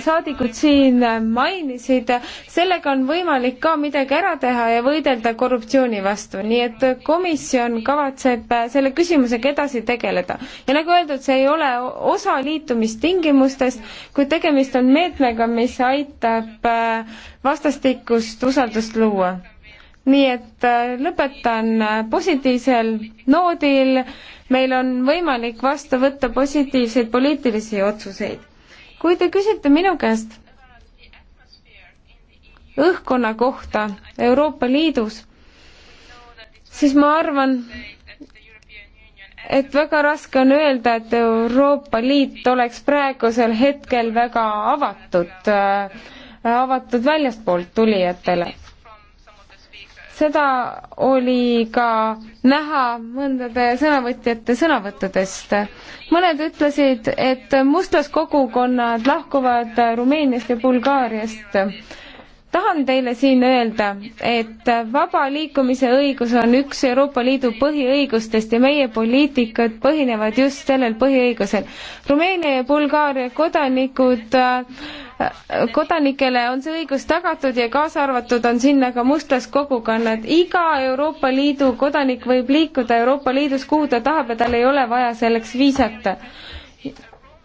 saadikud siin mainisid, sellega on võimalik ka midagi ära teha ja võidelda korruptsiooni vastu, nii et komisjon kavatseb selle küsimusega edasi tegeleda. ja nagu öeldud, see ei ole osa liitumistingimustest, kuid tegemist on meetmega, mis aitab vastastikust usaldust luua nii et lõpetan positiivsel noodil, meil on võimalik vastu võtta positiivseid poliitilisi otsuseid kui te küsite minu käest õhkkonna kohta Euroopa Liidus, siis ma arvan, et väga raske on öelda, et Euroopa Liit oleks praegusel hetkel väga avatud, äh, avatud väljastpoolt tulijatele seda oli ka näha mõndade sõnavõtjate sõnavõttudest. mõned ütlesid, et mustlaskogukonnad lahkuvad Rumeeniast ja Bulgaariast tahan teile siin öelda, et vaba liikumise õigus on üks Euroopa Liidu põhiõigustest ja meie poliitikad põhinevad just sellel põhiõigusel. Rumeenia ja Bulgaaria kodanikud, äh, kodanikele on see õigus tagatud ja kaasa arvatud on sinna ka mustlaskogukonnad. iga Euroopa Liidu kodanik võib liikuda Euroopa Liidus, kuhu ta tahab ja tal ei ole vaja selleks viisata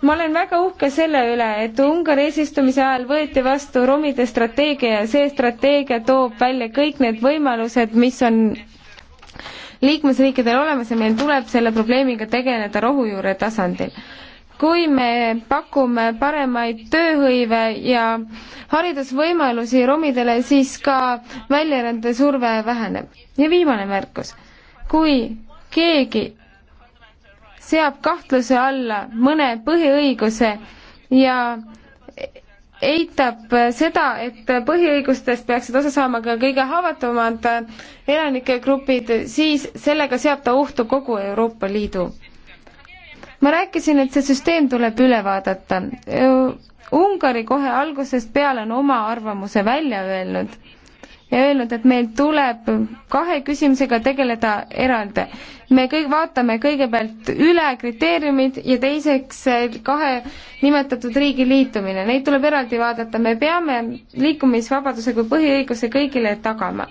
ma olen väga uhke selle üle, et Ungari eesistumise ajal võeti vastu romide strateegia ja see strateegia toob välja kõik need võimalused, mis on liikmesriikidel olemas ja meil tuleb selle probleemiga tegeleda rohujuure tasandil. kui me pakume paremaid tööhõive ja haridusvõimalusi romidele, siis ka väljarände surve väheneb. ja viimane märkus, kui keegi seab kahtluse alla mõne põhiõiguse ja eitab seda, et põhiõigustest peaksid osa saama ka kõige haavatavamad elanikegrupid, siis sellega seab ta ohtu kogu Euroopa Liidu. ma rääkisin, et see süsteem tuleb üle vaadata. Äh, Ungari kohe algusest peale on oma arvamuse välja öelnud ja öelnud, et meil tuleb kahe küsimusega tegeleda eraldi. me kõik vaatame kõigepealt üle kriteeriumid ja teiseks eh, kahe nimetatud riigi liitumine, neid tuleb eraldi vaadata, me peame liikumisvabaduse kui põhiõiguse kõigile tagama.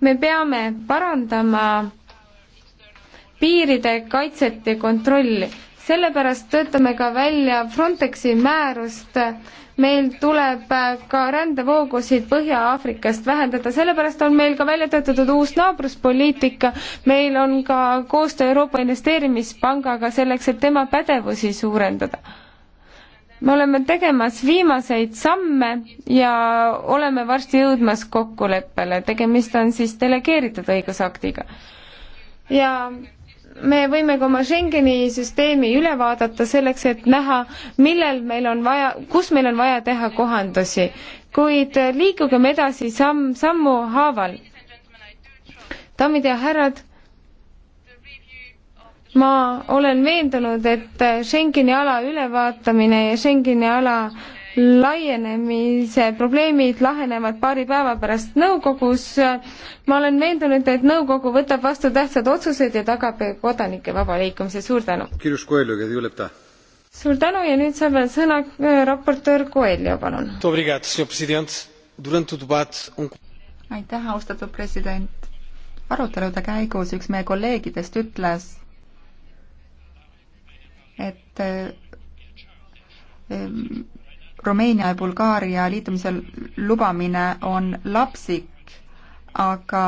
me peame parandama piiride kaitset ja kontrolli, sellepärast töötame ka välja Frontexi määrust, meil tuleb ka rändevoogusid Põhja-Aafrikast vähendada, sellepärast on meil ka välja töötatud uus naabruspoliitika, meil on ka koostöö Euroopa Investeerimispangaga selleks, et tema pädevusi suurendada me oleme tegemas viimaseid samme ja oleme varsti jõudmas kokkuleppele, tegemist on siis delegeeritud õigusaktiga. ja me võime ka oma Schengeni süsteemi üle vaadata selleks, et näha, millel meil on vaja, kus meil on vaja teha kohandusi, kuid liikugem edasi samm, sammu haaval. daamid ja härrad, ma olen veendunud, et Schengeni ala ülevaatamine ja Schengeni ala laienemise probleemid lahenevad paari päeva pärast nõukogus. ma olen veendunud, et nõukogu võtab vastu tähtsad otsused ja tagab kodanike vaba liikumise. suur tänu! suur tänu ja nüüd saab veel sõna äh, raportöör Coelho, palun! Um aitäh, austatud president! arutelude käigus üks meie kolleegidest ütles, et äh, Rumeenia ja Bulgaaria liitumise lubamine on lapsik, aga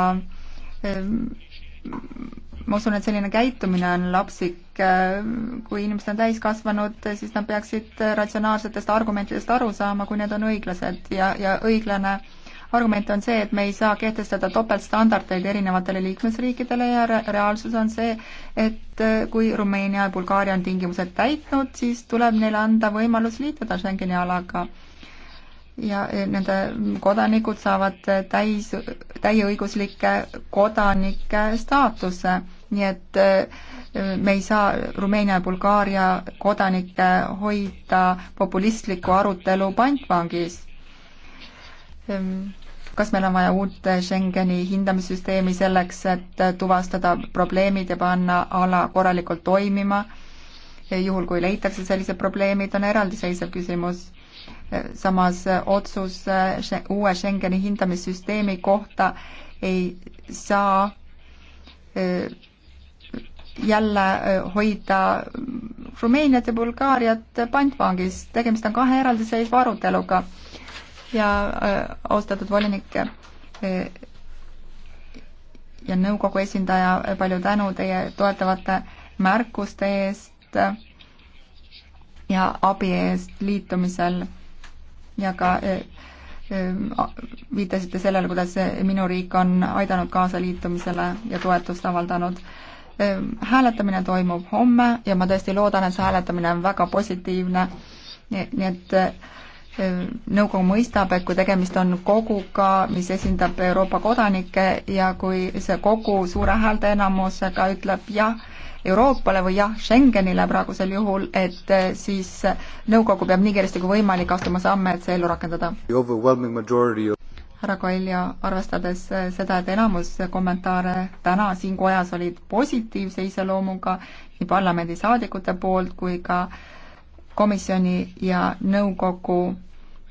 ehm, ma usun, et selline käitumine on lapsik, kui inimesed on täiskasvanud, siis nad peaksid ratsionaalsetest argumentidest aru saama, kui need on õiglased ja, ja õiglane äh, argument on see, et me ei saa kehtestada topeltstandardeid erinevatele liikmesriikidele ja re reaalsus on see, et äh, kui Rumeenia ja Bulgaaria on tingimused täitnud, siis tuleb neile anda võimalus liituda Schengeni alaga ja äh, nende kodanikud saavad äh, täis, täieõiguslike kodanike staatuse, nii et me ei saa Rumeenia ja Bulgaaria kodanikke hoida populistliku arutelu pantvangis. Ehm, kas meil on vaja uut Schengeni hindamissüsteemi selleks, et tuvastada probleemid ja panna ala korralikult toimima, juhul kui leitakse sellised probleemid, on eraldiseisev küsimus. samas otsus uue Schengeni hindamissüsteemi kohta ei saa e, jälle e, hoida Rumeeniat ja Bulgaariat pantvangis, tegemist on kahe eraldiseisva aruteluga ja äh, austatud volinik äh, ja nõukogu esindaja, palju tänu teie toetavate märkuste eest ja abi eest liitumisel ja ka äh, viitasite sellele, kuidas minu riik on aidanud kaasa liitumisele ja toetust avaldanud hääletamine toimub homme ja ma tõesti loodan, et see hääletamine on väga positiivne. nii et nõukogu mõistab, et kui tegemist on koguga, mis esindab Euroopa kodanikke ja kui see kogu suure häälteenamusega ütleb jah Euroopale või jah Schengenile praegusel juhul, et eh, siis nõukogu peab nii kiiresti kui võimalik astuma samme, et see ellu rakendada. härra Koilja, arvestades seda, et enamus kommentaare täna siin kojas olid positiivse iseloomuga nii parlamendisaadikute poolt kui ka komisjoni ja nõukogu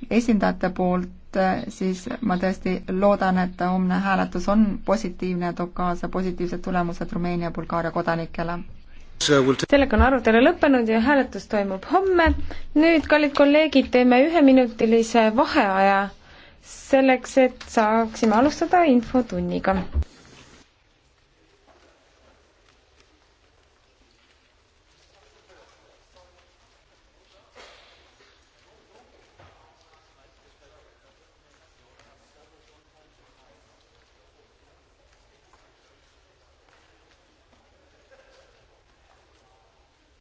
esindajate poolt, eh, siis ma tõesti loodan, et homne hääletus on positiivne ja toob kaasa positiivsed tulemused Rumeenia ja Bulgaaria kodanikele. sellega on arutelu lõppenud ja hääletus toimub homme. nüüd, kallid kolleegid, teeme üheminutilise vaheaja selleks, et saaksime alustada infotunniga.